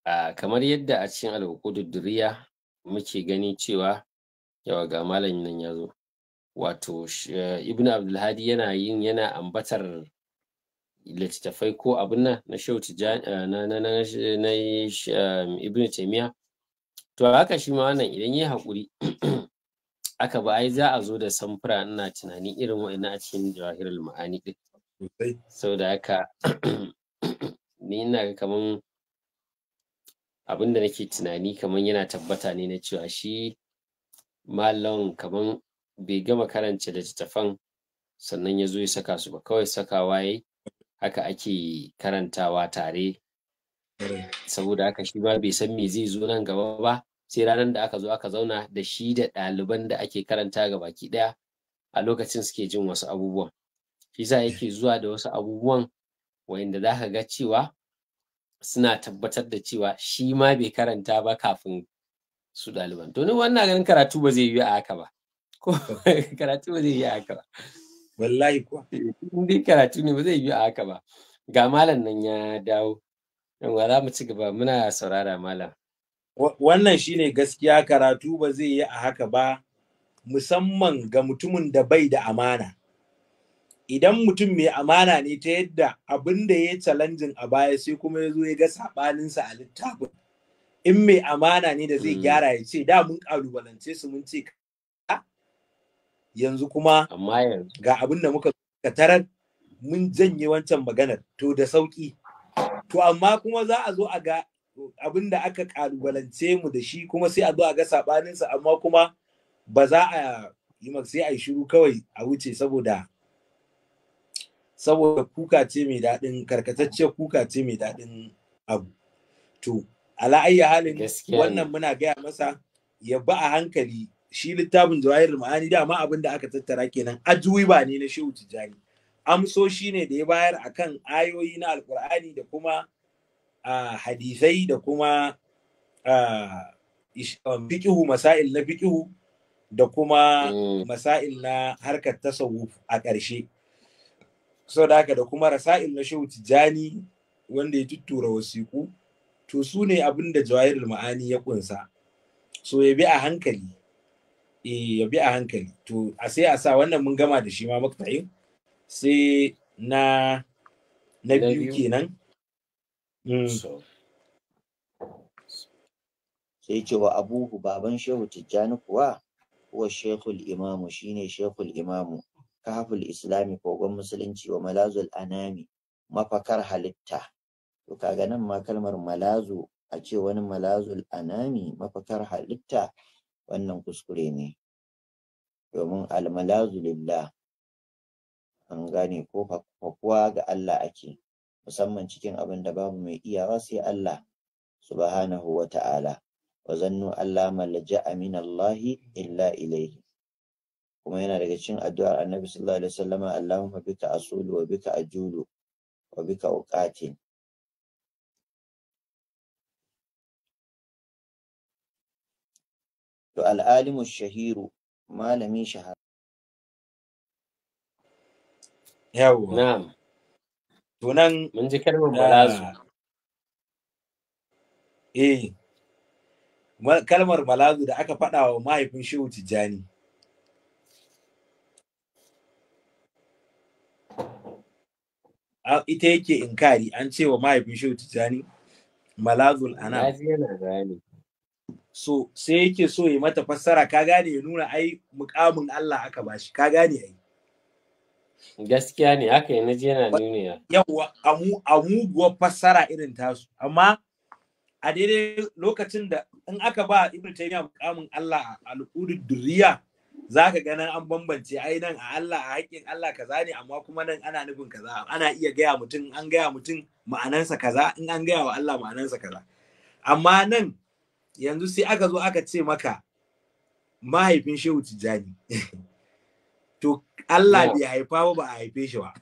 Speaker 1: a kamar yadda a cikin duriya muke gani cewa yawa ga malam nan ya zo wato eh, ibn abdulhadi yana yin yana ambatar littattafai ko abin nan na shehu eh, na na na na um, ibn taimiya to haka shi ma wannan idan yi hakuri *clears throat* aka ba ai za a zo da samfura ina tunanin irin wa'annan a cikin jawahirul ma'ani din sau da haka *clears throat* ni ina ga kaman abin da nake tunani kaman yana tabbata ne na cewa shi malon kaman bai gama karanta littattafan sannan ya zo ya saka su ba kawai sakawa yayi haka ake karantawa tare saboda haka shi ma bai san me zai zo nan gaba ba sai ranar da aka zo aka zauna da shi da ɗaliban da ake karanta ga baki ɗaya a lokacin suke jin wasu abubuwan shi sa yake zuwa da wasu abubuwan wanda za ka ga cewa suna tabbatar da cewa shi ma bai karanta ba kafin su ɗaliban to ni wannan ganin karatu ba zai yi a haka ba ko *laughs* karatu ba zai yi haka ba wallahi eh, karatu ne ba zai yi haka ba ga malam nan ya dawo Wa za mu ci gaba muna saurara malam wannan shine gaskiya karatu ba zai yi a haka ba musamman ga mutumin
Speaker 2: da bai da amana idan mutum mai amana ne ta yadda abin da ya challenging a baya sai kuma ya zo ya ga saɓaninsa a littafin in mai amana ne da zai mm. gyara ya ce da mun ƙalubalance su mun ce yanzu kuma ga abin da muka tarar mun janye wancan maganar to da sauƙi. to amma kuma za a zo a ga abin da aka kalubalance mu da shi kuma sai a zo a ga saɓaninsa amma kuma ba za a yi sai a yi shiru kawai a wuce saboda saboda kuka ce mai daɗin karkatacciyar kuka ce mai daɗin abu to ala ayya halin wannan muna gaya masa ya ba a hankali shi littafin jawahir ma'ani dama abin da aka tattara kenan ba ne na shehu tijjani shi ne da ya bayar akan ayoyi na alkur'ani da kuma hadisai da kuma fiƙihu masail na fiƙihu, da kuma mm. masail na harkar tasawuf a ƙarshe so da haka da kuma rasa'il na shehu tijjani wanda ya tuttura wasiku to su ne abin da ma'ani ya kunsa so ya bi a hankali Eh, ya bi a hankali to a sai a sa wannan mun gama da shi ma maktayin sai na na biyu kenan
Speaker 4: mm. sai ce wa abuhu baban shehu tijjani kuwa kuwa shekul imamu shine shekul imamu kaful islami kogon musulunci wa malazul anami mafakar halitta to kaga nan ma kalmar malazu a ce wani malazul anami mafakar halitta wannan kuskure ne domin almalazu lillah an gane ko fakuwa ga Allah ake musamman cikin abin da babu mai iyawa sai Allah subhanahu wa ta'ala wa zannu Allah malaja'a amin Allah illa ilaihi kuma yana daga cikin addu'ar Annabi sallallahu alaihi wasallama Allahumma bika asulu wa bika ajulu wa bika uqatin to al'alimu shahiru malami shahara
Speaker 3: yawo na'am to nan
Speaker 1: mun ji kalmar ah, balazu eh
Speaker 2: kalmar balazu da aka faɗa wa mahaifin shehu tijjani ita yake inkari an ce wa mahaifin shehu tijjani malazul ana so sai yake so ya mata fassara ka gane ya nuna ai mukamin Allah aka bashi
Speaker 1: ka gane ai gaskiya ne haka yana je yana duniya
Speaker 2: yawa amu go fassara irin tasu amma a daidai lokacin da in aka ba ibnu taymiya mukamin Allah a al'udud durriya zaka ga nan an bambance ai nan a Allah a haƙin Allah kaza ne amma kuma nan ana nufin kaza ana iya gaya mutum an gaya mutum ma'anansa kaza in an gaya wa Allah ma'anansa kaza amma nan yanzu sai aka zo aka ce maka mahaifin shehu tijjani *laughs* to Allah bai haifa ba ba a haife shi ba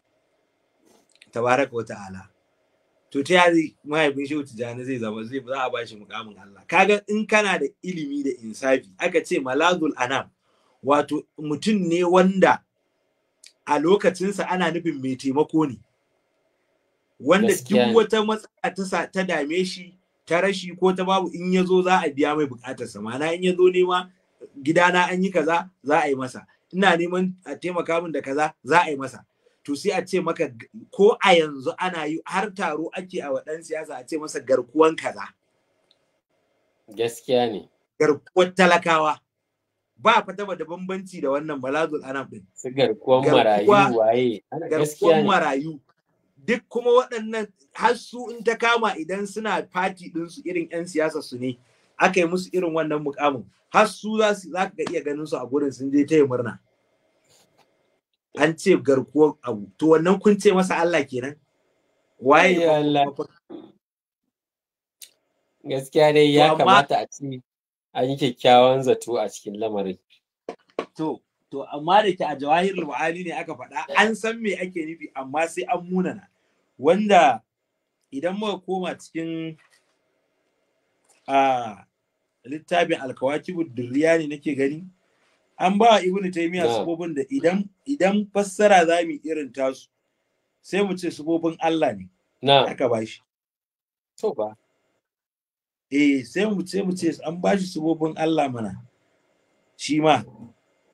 Speaker 2: tabaraka wa ta'ala to ta yari mahaifin shehu tijjani zai zama zai za a bashi mukamin Allah kaga in kana da ilimi da insafi aka ce malazul anam wato mutum ne wanda a lokacinsa ana nufin mai taimako ne wanda duk wata matsala ta dame shi ta rashi ko ta babu in ya zo za a biya mai bukatar sa ma'ana in ya zo nema gidana an yi kaza za a yi masa ina neman a taimaka min da kaza za a yi masa to sai a ce maka ko a yanzu ana yi har taro ake a waɗan siyasa a ce masa garkuwan kaza gaskiya ne garkuwar talakawa ba fata ba da bambanci da wannan balazul anam din
Speaker 3: garkuwan garkuwan
Speaker 2: marayu duk kuma waɗannan har su in ta kama idan suna fati ɗinsu irin 'yan siyasa su ne aka yi musu irin wannan mukamin har su za su za ka iya ganin su a gurin sun je ta yi murna an ce garkuwar abu to wannan kun ce masa Allah kenan waye
Speaker 1: gaskiya dai ya kamata a ci an yi kyakkyawan zato a cikin lamarin to
Speaker 2: to amma da ke a jawahir ma'ani ne aka faɗa an san me ake nufi amma sai an munana wanda idan muka koma cikin a littafin alkawakibu durriya ne nake gani an ba wa yi miya sabobin da idan idan fassara za mu irin tasu sai mu ce sabobin Allah ne aka ba shi to ba eh sai mu ce mu ce an ba shi sabobin Allah mana shi ma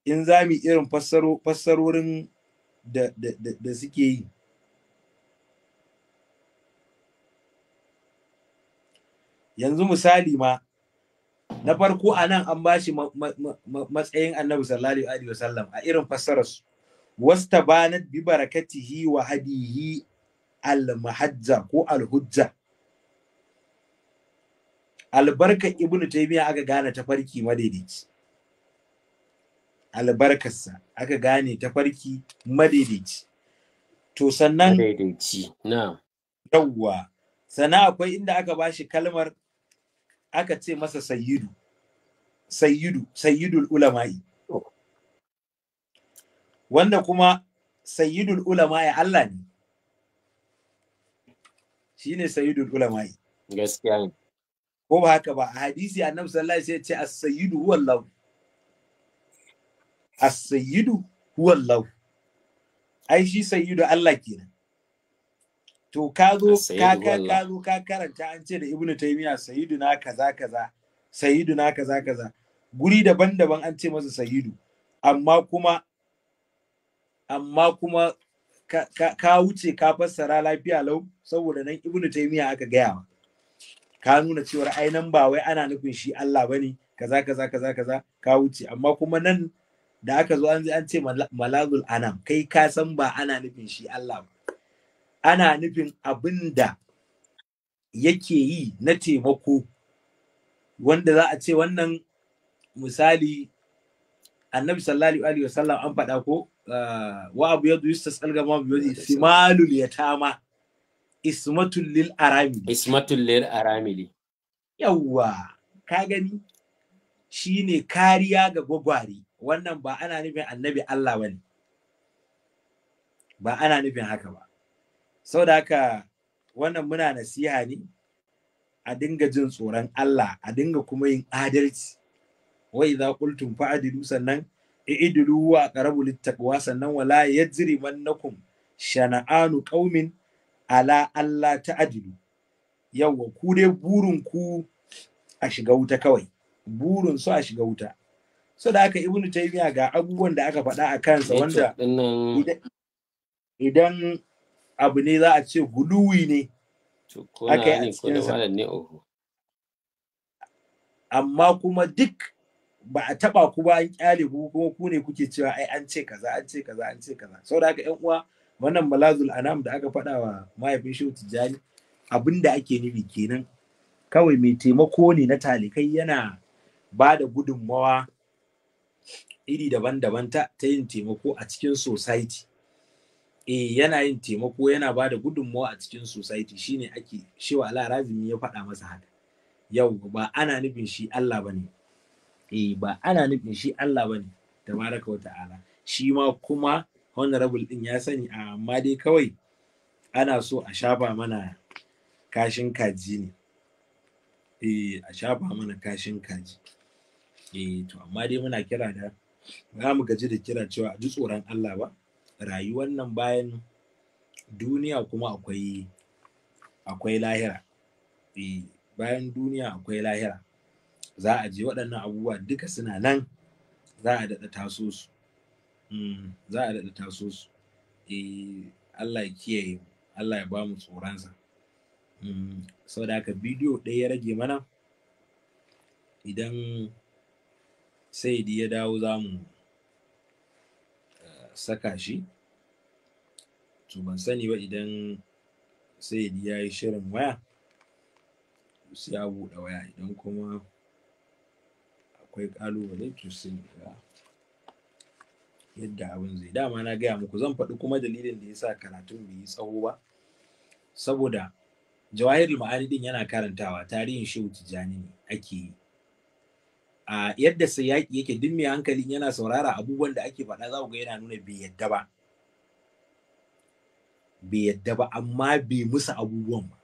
Speaker 2: in za mu irin fassarorin da, da, da suke yi yanzu misali ma na farko a nan an ba shi matsayin annabi sallallahu alaihi wasallam a irin fassarar su wasta bi barakatihi wa hadihi al mahajja ko al hujja albarka ibnu taymiya aka gane ta farki madaidaici albarkarsa aka gane ta farki madaidaici to sannan madaidaici na yawwa sannan akwai inda aka ba shi kalmar aka ce masa sayidu sayyidu sayyidul ulama'i oh. wanda kuma sayyidul ulama'i Allah ne shine sayyidul ulama'i gaskiya ne ko ba haka ba a hadisi annabi sallallahu alaihi wasallam ya ce as-sayyidu huwa Allah as-sayyidu huwa Allah ai shi sayyidu Allah kenan to ka zo ka ka karanta an ce da Ibn ibnu "Sayidu na kaza kaza na kaza kaza guri daban-daban an ce masa sayyidu amma kuma amma kuma ka wuce ka fassara lafiya lau saboda nan Ibn taymiya aka gaya ma ka nuna cewar ai nan ba wai ana nufin shi Allah bane kaza kaza kaza kaza ka wuce amma kuma nan da aka zo an ce malazul anam kai ka san ba ana nufin shi Allah ba ana nufin abin da yake yi na taimako wanda za a ce wannan misali annabi sallallahu alaihi wasallam an faɗa ko ah, wa abu yadu yustasal gama bi yadi simalul yatama
Speaker 1: ismatul lil arami ismatul lil aramili
Speaker 2: yawwa ka gani shine kariya ga gwagware wannan ba ana nufin annabi Allah bane ba ana nufin haka ba saboda haka wannan muna nasiha ne a dinga jin tsoron Allah a dinga kuma yin adalci za ku qultum fa'dilu sannan i'dilu wa aqrabu littaqwa sannan wala yajrimannakum shana'anu ƙaumin ala Allah Yau, ku dai burin ku a shiga wuta kawai burin su a shiga wuta so da aka ibnu taymiya ga abubuwan da aka faɗa a kansa wanda idan abu ne za a ce guluwi ne aka yi a cikinsa amma kuma duk ba a taba ku ba an kyale ku kuma ku ne kuke cewa ai an ce kaza an ce kaza an ce kaza saboda haka yan uwa wannan malazul anam da aka faɗa wa mahaifin shehu tijjani abin da ake nufi kenan kawai mai taimako ne na talikai yana ba da gudunmawa iri daban-daban ta, yin taimako a cikin society eh yana yin taimako yana ba da gudunmawa a cikin society shine ake shewa Allah ya faɗa masa haka yau ba ana nufin shi Allah bane eh ba ana nufin shi Allah bane tabaraka wa ta'ala shi ma kuma honorable din ya sani amma dai kawai ana so a shafa mana kashin kaji ne eh a shafa mana kashin kaji eh to amma dai muna kira da Za mu gaji da kira cewa a ji tsoron Allah ba rayuwar nan bayan duniya kuma akwai akwai lahira e, bayan duniya akwai lahira za a je waɗannan abubuwa duka suna nan za a daɗa taso su hmm, za a daɗa taso su eh, Allah ya kiyaye Allah ya ba mu tsoronsa mm, sau da bidiyo ɗaya ya rage mana idan sai ya dawo zamu. saka shi to ban sani ba idan sai ya yi shirin waya sai ya buɗe waya idan kuma akwai ƙalubale to sai ya yadda abin zai dama na gaya muku zan faɗi kuma dalilin da ya sa karatun bai yi tsawo ba saboda jawahirul ma'ani yana karantawa tarihin shehu tijani ne ake yi a yadda sai yaƙi yake duk mai hankalin yana saurara abubuwan da ake faɗa za ku ga yana nuna bai yadda ba bai yadda ba amma bai musu abubuwan ba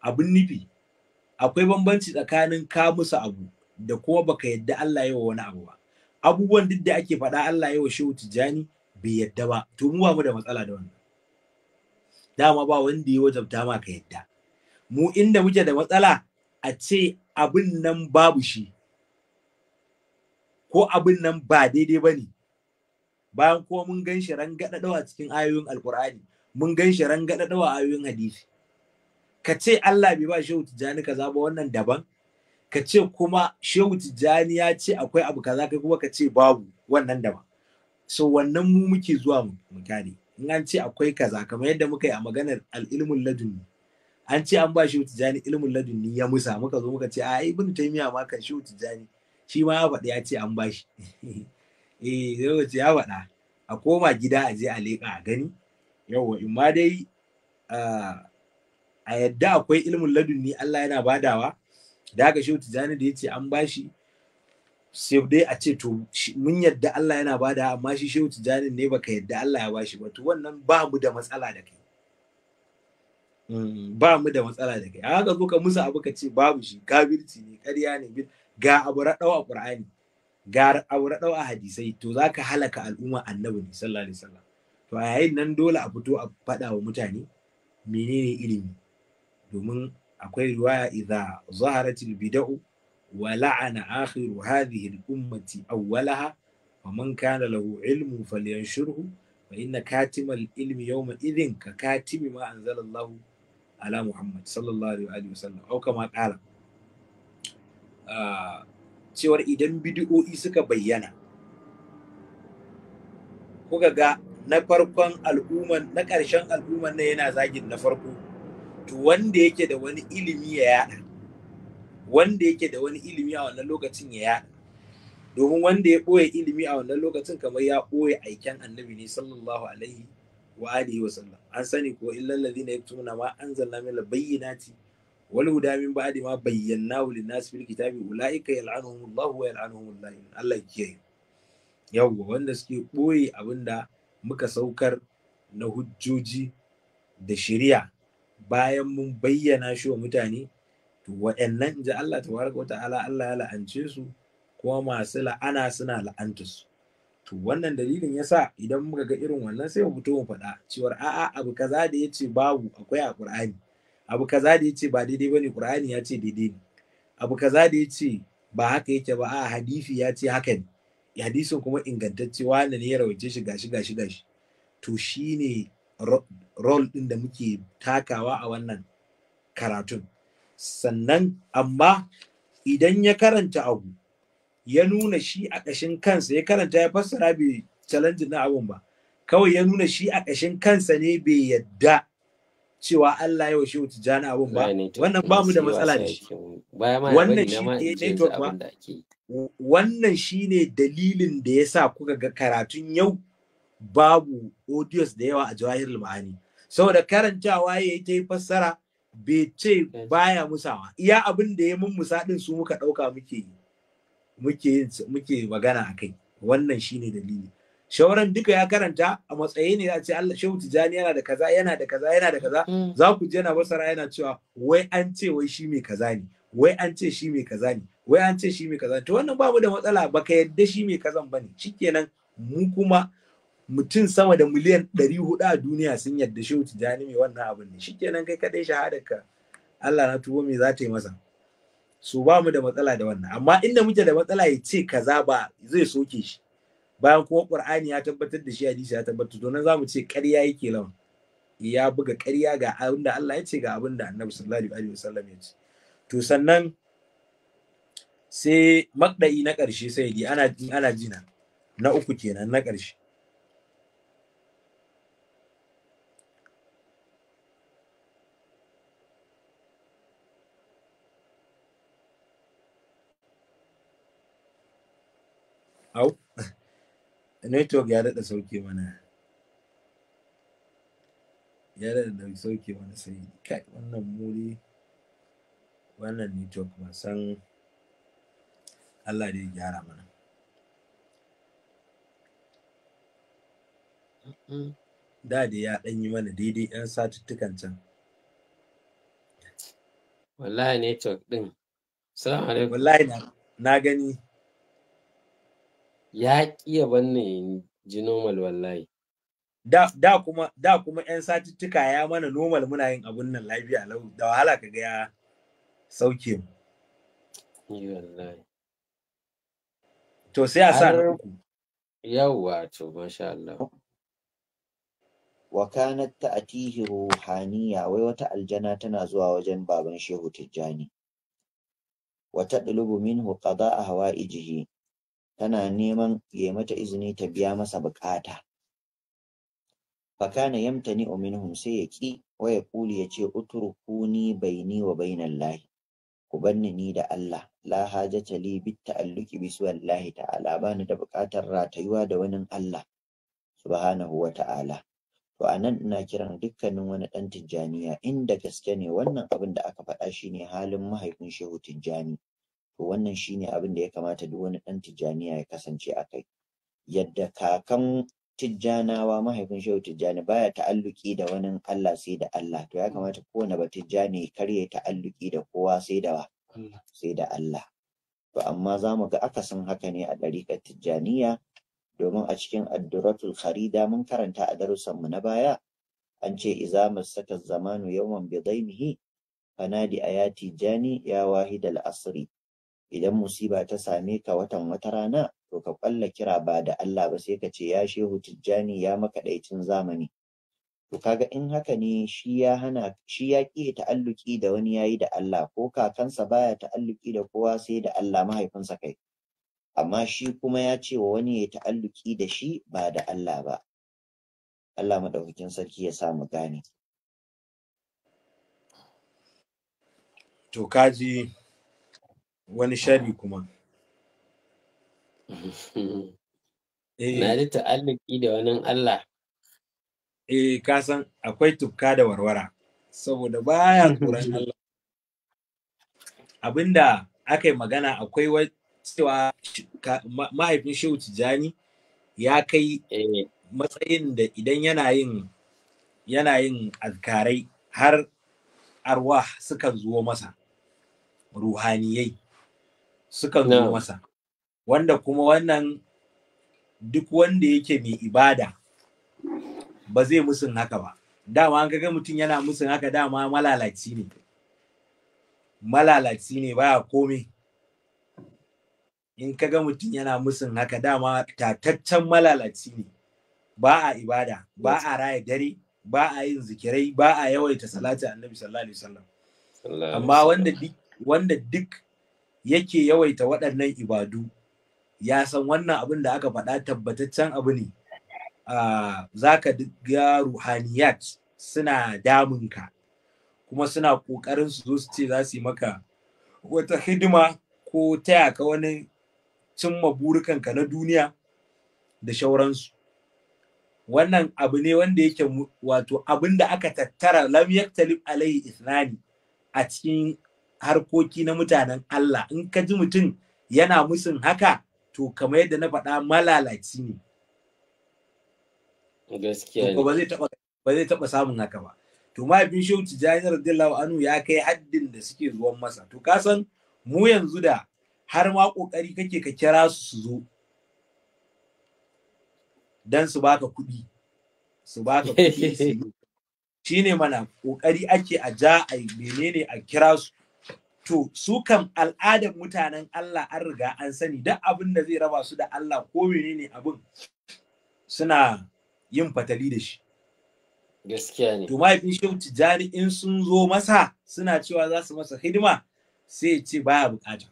Speaker 2: abin nufi akwai bambanci tsakanin ka musu abu da kuma baka yadda Allah yawa wani abu ba abubuwan duk da ake faɗa Allah yawa shehu tijjani bai yadda ba to mu ba mu da matsala da wannan dama ba wanda ya wajabta ma ka yadda mu inda muke da matsala a ce abin nan babu shi ko abin nan ba daidai ba ne bayan kuma mun gan shi rangadadawa cikin ayoyin alkur'ani mun gan shi rangadadawa ayoyin hadisi ka ce Allah bai ba shehu tijjani kaza ba wannan daban ka ce kuma shehu tijjani ya ce akwai abu kaza kai kuma ka ce babu wannan daban so wannan mu muke zuwa mu gane in an ce akwai kaza kamar yadda muka yi a maganar al'ilmun ladunni an ce an ba shi tijani ilmin ladunni ya musa muka zo muka ce a bin taimiya ma kan shi tijani shi ma ya faɗa ya ce an ba shi *laughs* eh zai ya faɗa a koma gida a je a leƙa a gani yawwa in ma dai a yadda akwai ilmin ladunni Allah yana badawa da haka shi tijani da ya ce an ba shi sai dai a ce to mun yadda Allah yana bada amma shi shehu tijanin ne baka yadda Allah ya ba shi ba to wannan ba mu da matsala da kai ba mu da matsala da kai haka zo ka musu abu ka ce babu shi kabirci ne ƙarya ne ga abu raɗau a Qur'ani ga abu raɗau a hadisai to za ka halaka al'umma annabi ne sallallahu alaihi wasallam to a yayin nan dole a fito a faɗa wa mutane menene ilimi domin akwai riwaya idza zaharatil bid'u wa la'ana akhiru hadhihi al-ummati awwalaha wa man kana lahu ilmu falyanshurhu fa inna katimal ilmi yawma idhin ka katimi ma anzalallahu ala Muhammad sallallahu alaihi wasallam au kama kala ah, cewar idan bid'o'i suka bayyana kuka ga na farkon al'umman na ƙarshen al'umman na yana zagin na farko to wanda yake da wani ilimi ya yada wanda yake da wani ilimi a wannan lokacin ya yada domin wanda ya ɓoye ilimi a wannan lokacin kamar ya ɓoye aiken annabi ne sallallahu alaihi wa alihi wa sallam an sani ko illal ladina yaktumuna ma anzalna min bayyinati wal huda min ba'di ma bayyanahu lin nas fil kitabi ulaika yal'anuhum Allah wa yal'anuhum Allah Allah kiyaye yawwa wanda suke boye abinda muka saukar na hujjoji da shiriya bayan mun bayyana shi wa mutane to waɗannan ji Allah tabaraka wata'ala Allah ya la'ance su kuma masu la'ana suna su. to wannan dalilin ya sa idan muka ga irin wannan sai mu fito mu faɗa cewar a'a abu kaza da ya ce babu akwai a ƙur'ani. abu kaza da ya ce ba daidai bane ƙur'ani ya ce daidai ne abu kaza da ya ce ba haka yake ba a'a hadisi ya ce haka ne hadisin kuma ingantacce na ne ya rawace shi gashi gashi gashi to shine rol din da muke takawa a wannan karatun sannan amma idan ya karanta abu ya nuna shi a ƙashin kansa ya karanta ya fassara bai challenge na abun ba kawai ya nuna shi a ƙashin kansa ne bai yadda cewa Allah ya washe wuce jana abun ba wannan ba mu da matsala da shi
Speaker 1: wannan shi ne network ma
Speaker 2: wannan shi ne dalilin da ya sa kuka ga karatun yau babu audios da yawa a jawahirul ma'ani saboda karantawa ya yi ta yi fassara bai ce baya musawa iya abin da ya mun musa din su muka ɗauka muke yi muke muke magana akai wannan shine dalili shawaran duka ya karanta a matsayi ne a ce Allah Shehu Tijani yana da kaza yana da kaza yana da kaza mm. za ku je na basara yana cewa wai an ce wai shi mai kaza ne wai an ce shi mai kaza ne wai an ce shi mai kaza to wannan babu da matsala baka yadda shi mai kazan bane shikenan mu kuma mutum sama da miliyan 400 a duniya sun yadda Shehu Tijani mai wannan abin ne shikenan kai kadai shahadarka Allah na tuwo me za ta yi masa su ba mu da matsala da wannan amma inda muke da matsala ya ce kaza ba zai soke shi bayan kuma qur'ani ya tabbatar da shi hadisi ya tabbatar to nan zamu ce ƙarya yake lawan ya buga ƙarya ga abin Allah ya ce ga abin da Annabi sallallahu alaihi wasallam ya ce to sannan sai makdai na ƙarshe sai ana ana jina na uku kenan na ƙarshe Au, network ya daɗa sauke mana. Ya daɗa sauke mana sai kai wannan muri wannan network ba san Allah dai gyara mana. Da da ya ɗan yi mana daidai 'yan satuttukan can.
Speaker 1: Wallahi network ɗin. Salamu alaikum. Wallahi na gani. ya ƙi ya banne ji
Speaker 2: normal wallahi da da kuma da kuma yan satuttuka ya mana normal muna yin abun nan lafiya lau da wahala ka ga ya
Speaker 1: sauke mu
Speaker 4: wallahi to sai a sa uku yawwa to masha Allah wa kanat ta'tihi ruhaniya wai wata aljana tana zuwa wajen baban shehu tijjani wa tadlubu minhu qada'a hawaijihi tana neman ya mata izini ta biya masa bukata yamta ni minhum sai ya ƙi wa ya kuli ya ce bai ni wa bainal lahi ku banni ni da Allah la hajata li bit ta'alluki bi suwallahi ta'ala ni da bukatar ratayuwa da wani Allah subhanahu wa ta'ala to a nan ina kiran dukkanin wani ɗan tijjaniya inda gaske ne wannan abin da aka faɗa shi ne halin mahaifin shehu tijjani to wannan shine abin da ya kamata duk wani ɗan tijjaniya ya kasance a kai yadda kakan tijjanawa mahaifin shehu tijjani baya ta'alluki da wani Allah sai da Allah to ya hmm. kamata kowane ba tijjani kar ya ta'alluki da kowa sai da sai da Allah to amma za mu ga akasin haka ne a ɗariƙar tijjaniya domin a cikin adduratul kharida mun karanta a mu na baya an ce iza masaka zamanu yawan bidaimihi fanadi ayati jani ya wahidal asri idan musiba ta same ka watan wata rana to ka ƙwalla kira ba da Allah ba sai ka ce ya shehu tijjani ya makaɗaicin zamani to kaga in haka ne shi ya hana shi ya ƙi ta'alluki da wani yayi da Allah ko kakansa baya ta'alluki da kowa sai da Allah mahaifinsa kai amma shi kuma ya ce wa wani ya ta'alluki da shi ba da Allah ba Allah madaukakin sarki ya sa mu gane to kaji wani shari
Speaker 3: kuma *laughs*
Speaker 2: na da eh. ta'allaki da wani Allah eh kasan akwai tufka da warwara saboda baya kuran *laughs* Allah abinda aka yi magana akwai cewa mahaifin shehu tijani ya kai eh. matsayin da idan yana yin yana yin azkarai har arwa sukan zuwa masa ruhaniyai suka zo masa wanda kuma wannan duk wanda yake mai ibada ba zai musun haka ba dama an ga mutum yana musun haka dama malalaci ne malalaci ne baya komai in kaga mutum yana musun haka dama tataccen malalaci ne ba a ibada ba a raya dare ba a yin zikirai ba a yawaita salati annabi sallallahu alaihi wasallam amma wanda duk wanda duk yake yawaita waɗannan ibadu ya san wannan abin da aka faɗa tabbataccen abu ne za ka ga ruhaniyat suna damunka kuma suna ƙoƙarin su zo su ce za su yi maka wata hidima ko taya ka wani cimma burukanka na duniya da shauransu wannan abu ne wanda yake wato abin da aka tattara lam yaktalib alaihi ithnani a cikin harkoki na mutanen Allah in ka ji mutum yana musun haka to kamar yadda na faɗa malalaci ne gaskiya ne ba zai taɓa samun haka ba to ma shauci shehu da radiyallahu Anu ya kai haddin da suke zuwan masa to ka san mu yanzu da har ma ƙoƙari kake ka kira su su zo dan su baka kuɗi su baka kuɗi *laughs* ne mana ƙoƙari ake a ja a menene a kira su to su kam al'adar mutanen Allah an riga an sani duk abin da zai raba su da Allah ko menene abin suna yin fatali da shi gaskiya ne to mahaifin shi tijjani in sun zo masa suna cewa za su masa hidima sai ya ce baya bukata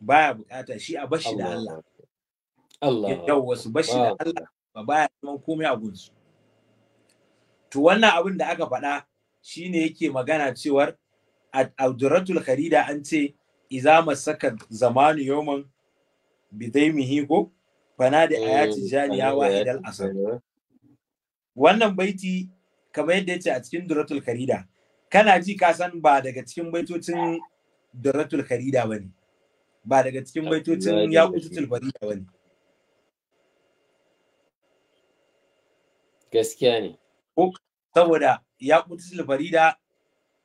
Speaker 2: baya bukata shi a bashi da Allah Allah yawwa su bashi da Allah ba baya neman komai a gunsu to wannan abin da aka faɗa shine yake magana cewar abdurratul kharida an ce iza masaka zamanu yawman bidaimihi ko fana da eh, ayati janiya wa idal asar wannan baiti kamar yadda yace a cikin duratul kharida kana ji ka san ba daga cikin baitocin duratul kharida bane ba daga cikin baitocin yaqutul farida bane
Speaker 1: gaskiya ne saboda
Speaker 2: yaqutul farida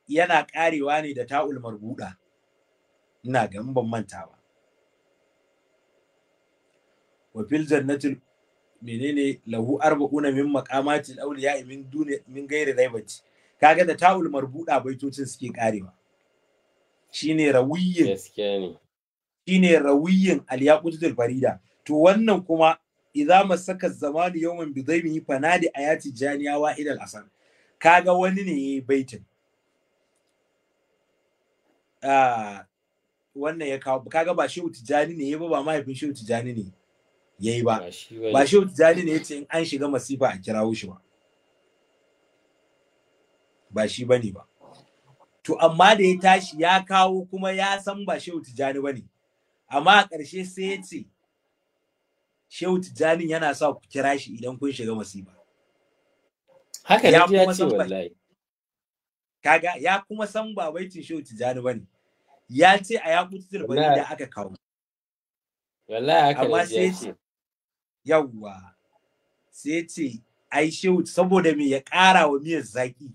Speaker 2: yana ƙarewa ne da ta'ul marbuda ina ga in ban manta ba wa fil jannati menene lahu arba'una min al awliya min duni min ghairi raibati kaga da ta'ul marbuda baitocin suke karewa shine rawiyin gaskiya ne shine rawiyin al-yaqutul farida to wannan kuma idza masaka zamani yawman bidaymi fanadi ayati janiya wa al asar kaga wani ne baitin Ah, wannan ya kawo kaga ba shehu jani ne ya ba ba mahaifin shehu jani ne ya yi ba ba shehu jani ne ya ce in an shiga masifa a kirawo shi ba ba shi ba ne ba to amma da ya tashi ya kawo kuma ya san ba shehu jani ba ne amma a ƙarshe sai ya ce shehu jani yana sa ku kira shi idan kun shiga masifa
Speaker 1: haka ya kuma san wallahi
Speaker 2: kaga ya kuma san ba baitin shehu ba ne ya ce a yakutul bari da aka kawo amma sai ce yawwa sai ce ai shehu saboda me ya ƙara wa miyar zaki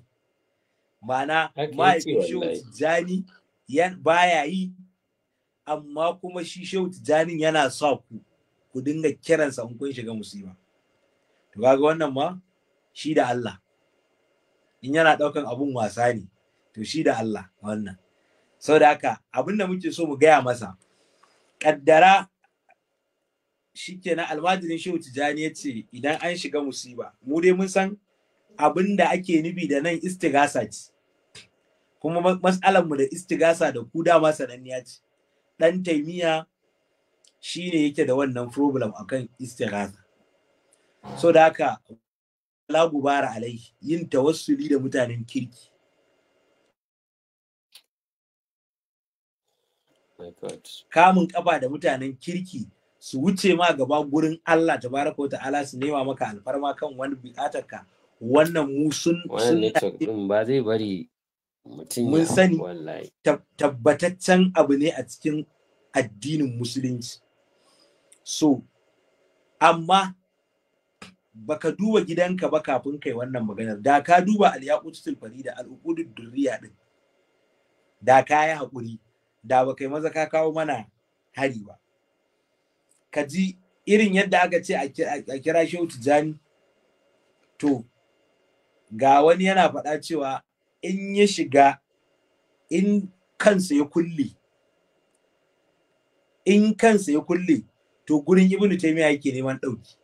Speaker 2: ma'ana ma'aikin jani ba baya yi amma kuma shi shehu janin yana sa ku ku dinga kiransa in kun shiga musiba to kaga wannan ma shi da Allah in yana ɗaukan abun wasa ne to shi da Allah wannan da haka abin da muke so mu gaya masa kaddara shikenan almajirin shehu tijani ya ce idan an shiga musiba mu dai mun san abin da ake nubi da nan istigasa ce kuma matsalar mu da istigasa da ku dama sananniya ce dan taimiya shine yake da wannan problem akan istigasa so da haka la gubara alai yin tawassuli da mutanen kirki kamun kafa da mutanen kirki su wuce ma gaba gurin Allah baraka wa ta'ala su nema maka alfarma kan wani bukatar ka wannan mu sun mun sani tabbataccen abu ne a cikin addinin musulunci so amma baka duba gidanka ba kafin kai wannan maganar da ka duba al-yaqutul farida al-uqudud durriya din da ka yi haƙuri da ba kai maza ka kawo mana hari ba ka ji irin yadda aka ce a kira shehu tijjani to ga wani yana faɗa cewa in ya shiga in kansa ya kulle in kansa ya kulle to gurin ibnu taymiya yake neman ɗauki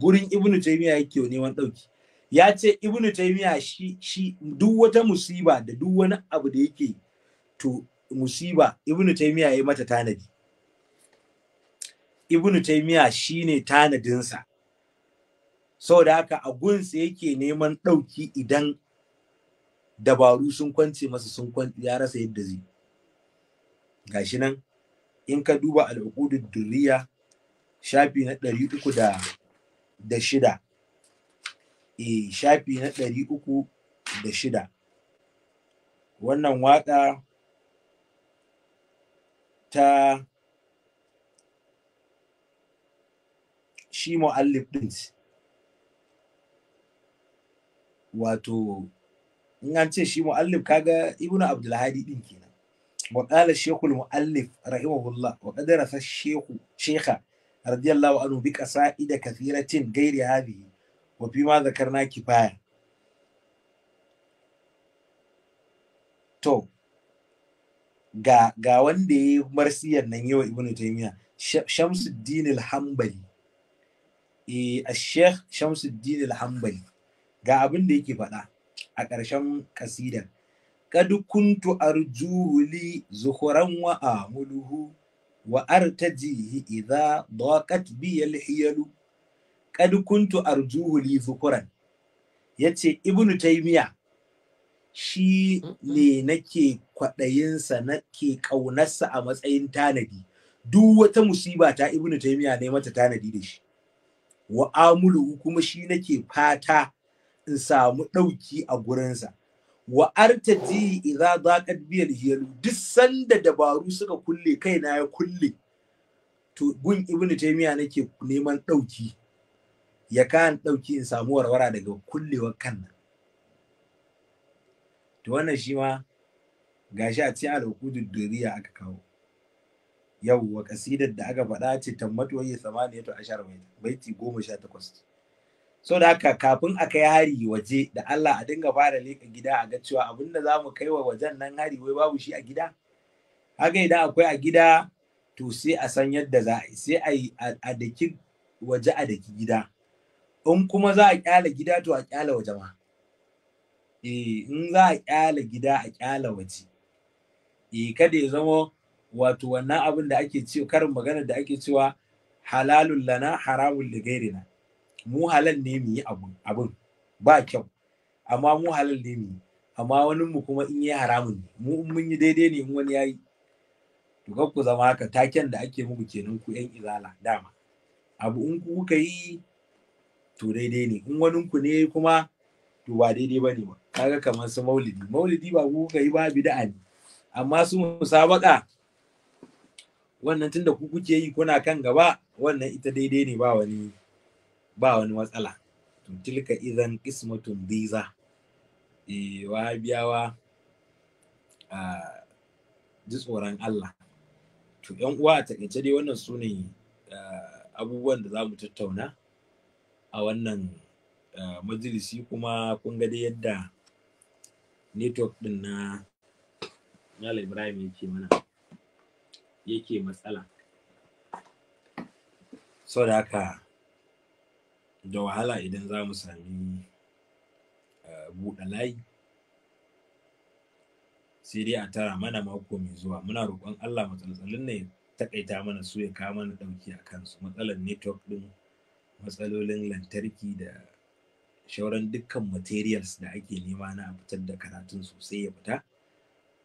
Speaker 2: gurin ibnu taymiya yake neman ɗauki ya ce ibnu taymiya shi shi duk wata musiba da duk wani abu da yake to musiba ibnu ya yayi mata tanadi ibnu taymiya shine tanadinsa saboda haka a gunsa yake neman ɗauki idan dabaru sun kwance masa sun ya rasa yadda zai gashi nan in ka duba al'uqudud durriya shafi na ɗari uku da shida eh shafi na ɗari uku da shida wannan waƙa ta shi mu'allif ɗin wato in an ce shi mu'allif kaga ibnu abdulhadi ɗin kenan wa qala shaykhul mu'allif rahimahullah wa qad rasa shaykhu shaykha radiyallahu anhu bi qasa'ida kathiratin ghairi hadhihi wa ma ma zakarna kifaya to ga wanda ya yi marsiyar nan yau ibn taymiya shamsuddin al-hanbali eh a sheikh shamsuddin al ga abin da yake faɗa a ƙarshen kasidar kad kuntu arjuhu li zuhuran wa amuluhu wa artajihi idha daqat bi al qad kuntu arjuhu li zukuran yace ibnu taymiya shi ne nake kwaɗayinsa nake ƙaunarsa a matsayin tanadi duk wata musiba ta ibnu taymiya ne mata tanadi da shi wa amulu kuma shi nake fata in samu ɗauki a gurinsa wa artaji idza daqat bi al duk sanda dabaru suka kulle kaina ya kulle to gun ibnu taymiya nake neman ɗauki ya kan ɗauki in samu warwara daga kullewar kan nan to wannan shi ma gashi a cikin al'ukudin duriya aka kawo yau wa kasidar da aka faɗa ce tammatu wayi samaniya to ashar baiti baiti goma sha takwas so da haka kafin a kai hari waje da Allah a dinga fara leka gida a ga cewa abin da za mu kai wa wajen nan hari wai babu shi a gida haka idan akwai a gida to sai a san yadda za a yi sai a a daki waje a daki gida in kuma za a kyala gida to a kyala waje ma eh in za a kyala gida a kyala waje eh kada ya zama wato wannan abin da ake cewa karin magana da ake cewa halalun lana haramun li gairina mu halal ne mu yi abin ba kyau amma mu halal ne mu yi amma wani mu kuma in yi haramun ne mu in mun yi daidai ne in wani yayi to kar ku zama haka taken da ake muku kenan ku yan izala dama abu in kuka yi to daidai ne in wani ku ne kuma to ba daidai ba ne ba kaga kamar su maulidi maulidi ba ku kuka ba bid'a ne amma su musabaka wannan tunda ku kuke yi kuna kan gaba wannan ita daidai ne ba wani ba wani matsala to tilka idan qismatun biza eh biyawa a ji tsoron Allah to yan uwa a takaice dai wannan su ne abubuwan da za mu tattauna a wannan eh, majalisi kuma kun ga dai yadda network din na Yala Ibrahim yake mana yake matsala. So da haka da wahala idan za mu sami eh, buɗe layi sai dai a tara mana mako mai zuwa muna roƙon Allah matsaltsalin ne takaita mana su ya kawo mana ɗauki a kansu matsalar network ɗin matsalolin lantarki da shauran dukkan materials da ake nema na a fitar da karatun sosai ya fita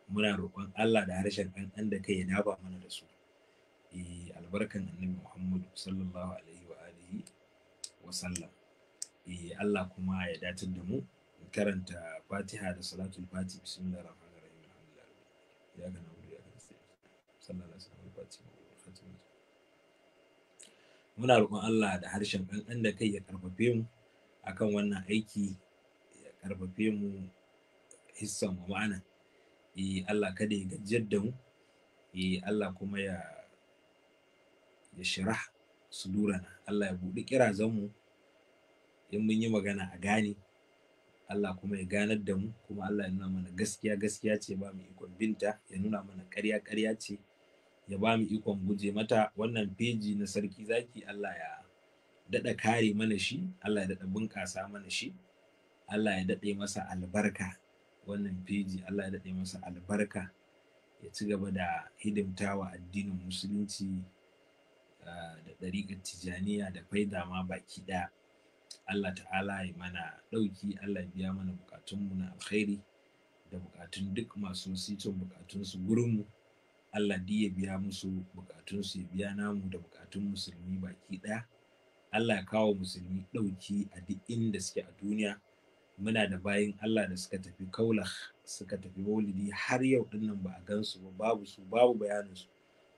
Speaker 2: muna roƙon Allah da harshen ƙanƙan da kai ya daba mana da su eh albarkan annabi Muhammadu sallallahu alaihi wa alihi wa sallam eh Allah kuma ya datar da mu karanta Fatiha da salatul Fati bismillahir rahmanir rahim alhamdulillah ya ga na ya ga sallallahu alaihi wa sallam muna roƙon Allah da harshen ɗan da kai ya karfafe mu akan wannan aiki ya karfafe mu hissan ma'ana eh Allah kada ya gajiyar da mu eh Allah kuma ya ya shirah na. Allah ya buɗi kirazan mu in mun yi magana a gane Allah kuma ya ganar da mu kuma Allah ya nuna mana gaskiya gaskiya ce ba mu ikon binta ya nuna mana ƙarya ƙarya ce ya ba mu ikon guje mata wannan feji na sarki zaki Allah ya daɗa kare mana shi Allah ya daɗa bunƙasa mana shi Allah ya daɗe masa albarka wannan feji Allah ya daɗe masa albarka ya ci gaba da hidimtawa addinin musulunci ah, da ɗariƙar tijaniya da faida ma baki ɗaya Allah ta'ala ya mana ɗauki Allah ya biya mana buƙatunmu na alkhairi da bukatun duk masu sitin buƙatunsu gurinmu Allah duk ya biya musu bukatunsu ya biya namu da bukatun musulmi baki ɗaya Allah ya kawo musulmi ɗauki a duk inda suke a duniya muna da bayin Allah da suka tafi kaula suka tafi maulidi har yau dinnan ba a gansu ba babu su babu bayaninsu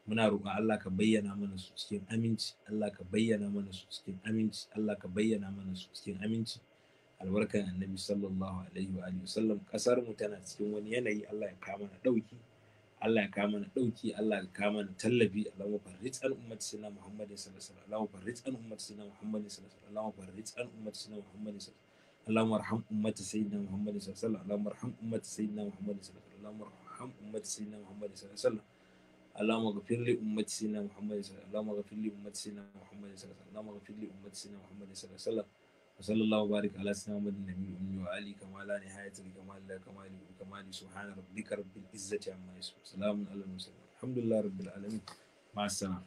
Speaker 2: muna roƙon Allah ka bayyana mana su cikin aminci Allah ka bayyana mana su cikin aminci Allah ka bayyana mana su cikin aminci albarkan annabi sallallahu alaihi wa sallam kasar mu tana cikin wani yanayi Allah ya kawo mana ɗauki Allah ya kama mana ɗauki, Allah ya kama mana tallafi Allahumma farrij an ummati sina Muhammadin sallallahu alaihi wasallam Allahumma farrij an ummati sina Muhammadin sallallahu alaihi wasallam Allahumma farrij an ummati sina Muhammadin sallallahu alaihi wasallam اللهم ارحم أمة سيدنا محمد صلى الله عليه وسلم اللهم ارحم أمة سيدنا محمد صلى الله عليه وسلم اللهم ارحم أمة سيدنا محمد صلى الله عليه وسلم اللهم اغفر لي أمة سيدنا محمد صلى الله عليه وسلم اللهم اغفر لي أمة سيدنا محمد صلى الله عليه وسلم اللهم اغفر لي أمة سيدنا محمد صلى وصلى الله وبارك على سيدنا محمد النبي وعلي كما لا نهاية لكمال لا كمال كمال سبحان ربك رب العزة عما
Speaker 3: يصفون سلام على المرسلين الحمد لله رب العالمين مع السلامة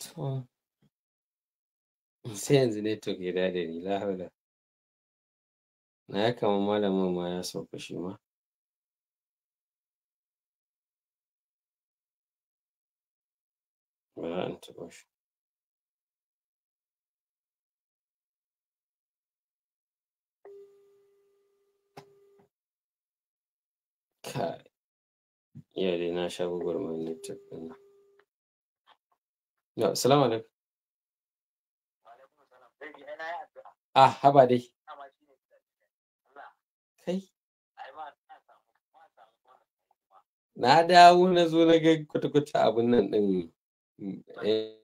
Speaker 3: To. *laughs* Sai yanzu network ya dade ni, Na ya kama malamin ya sauka shi iya dai na sha gwagwarmayar network ɗin nan. Ya,
Speaker 1: salamu alaikum. Ah, haba dai. Kai.
Speaker 3: Na dawo na zo na ga kwata-kwata abin nan ɗin. Eh,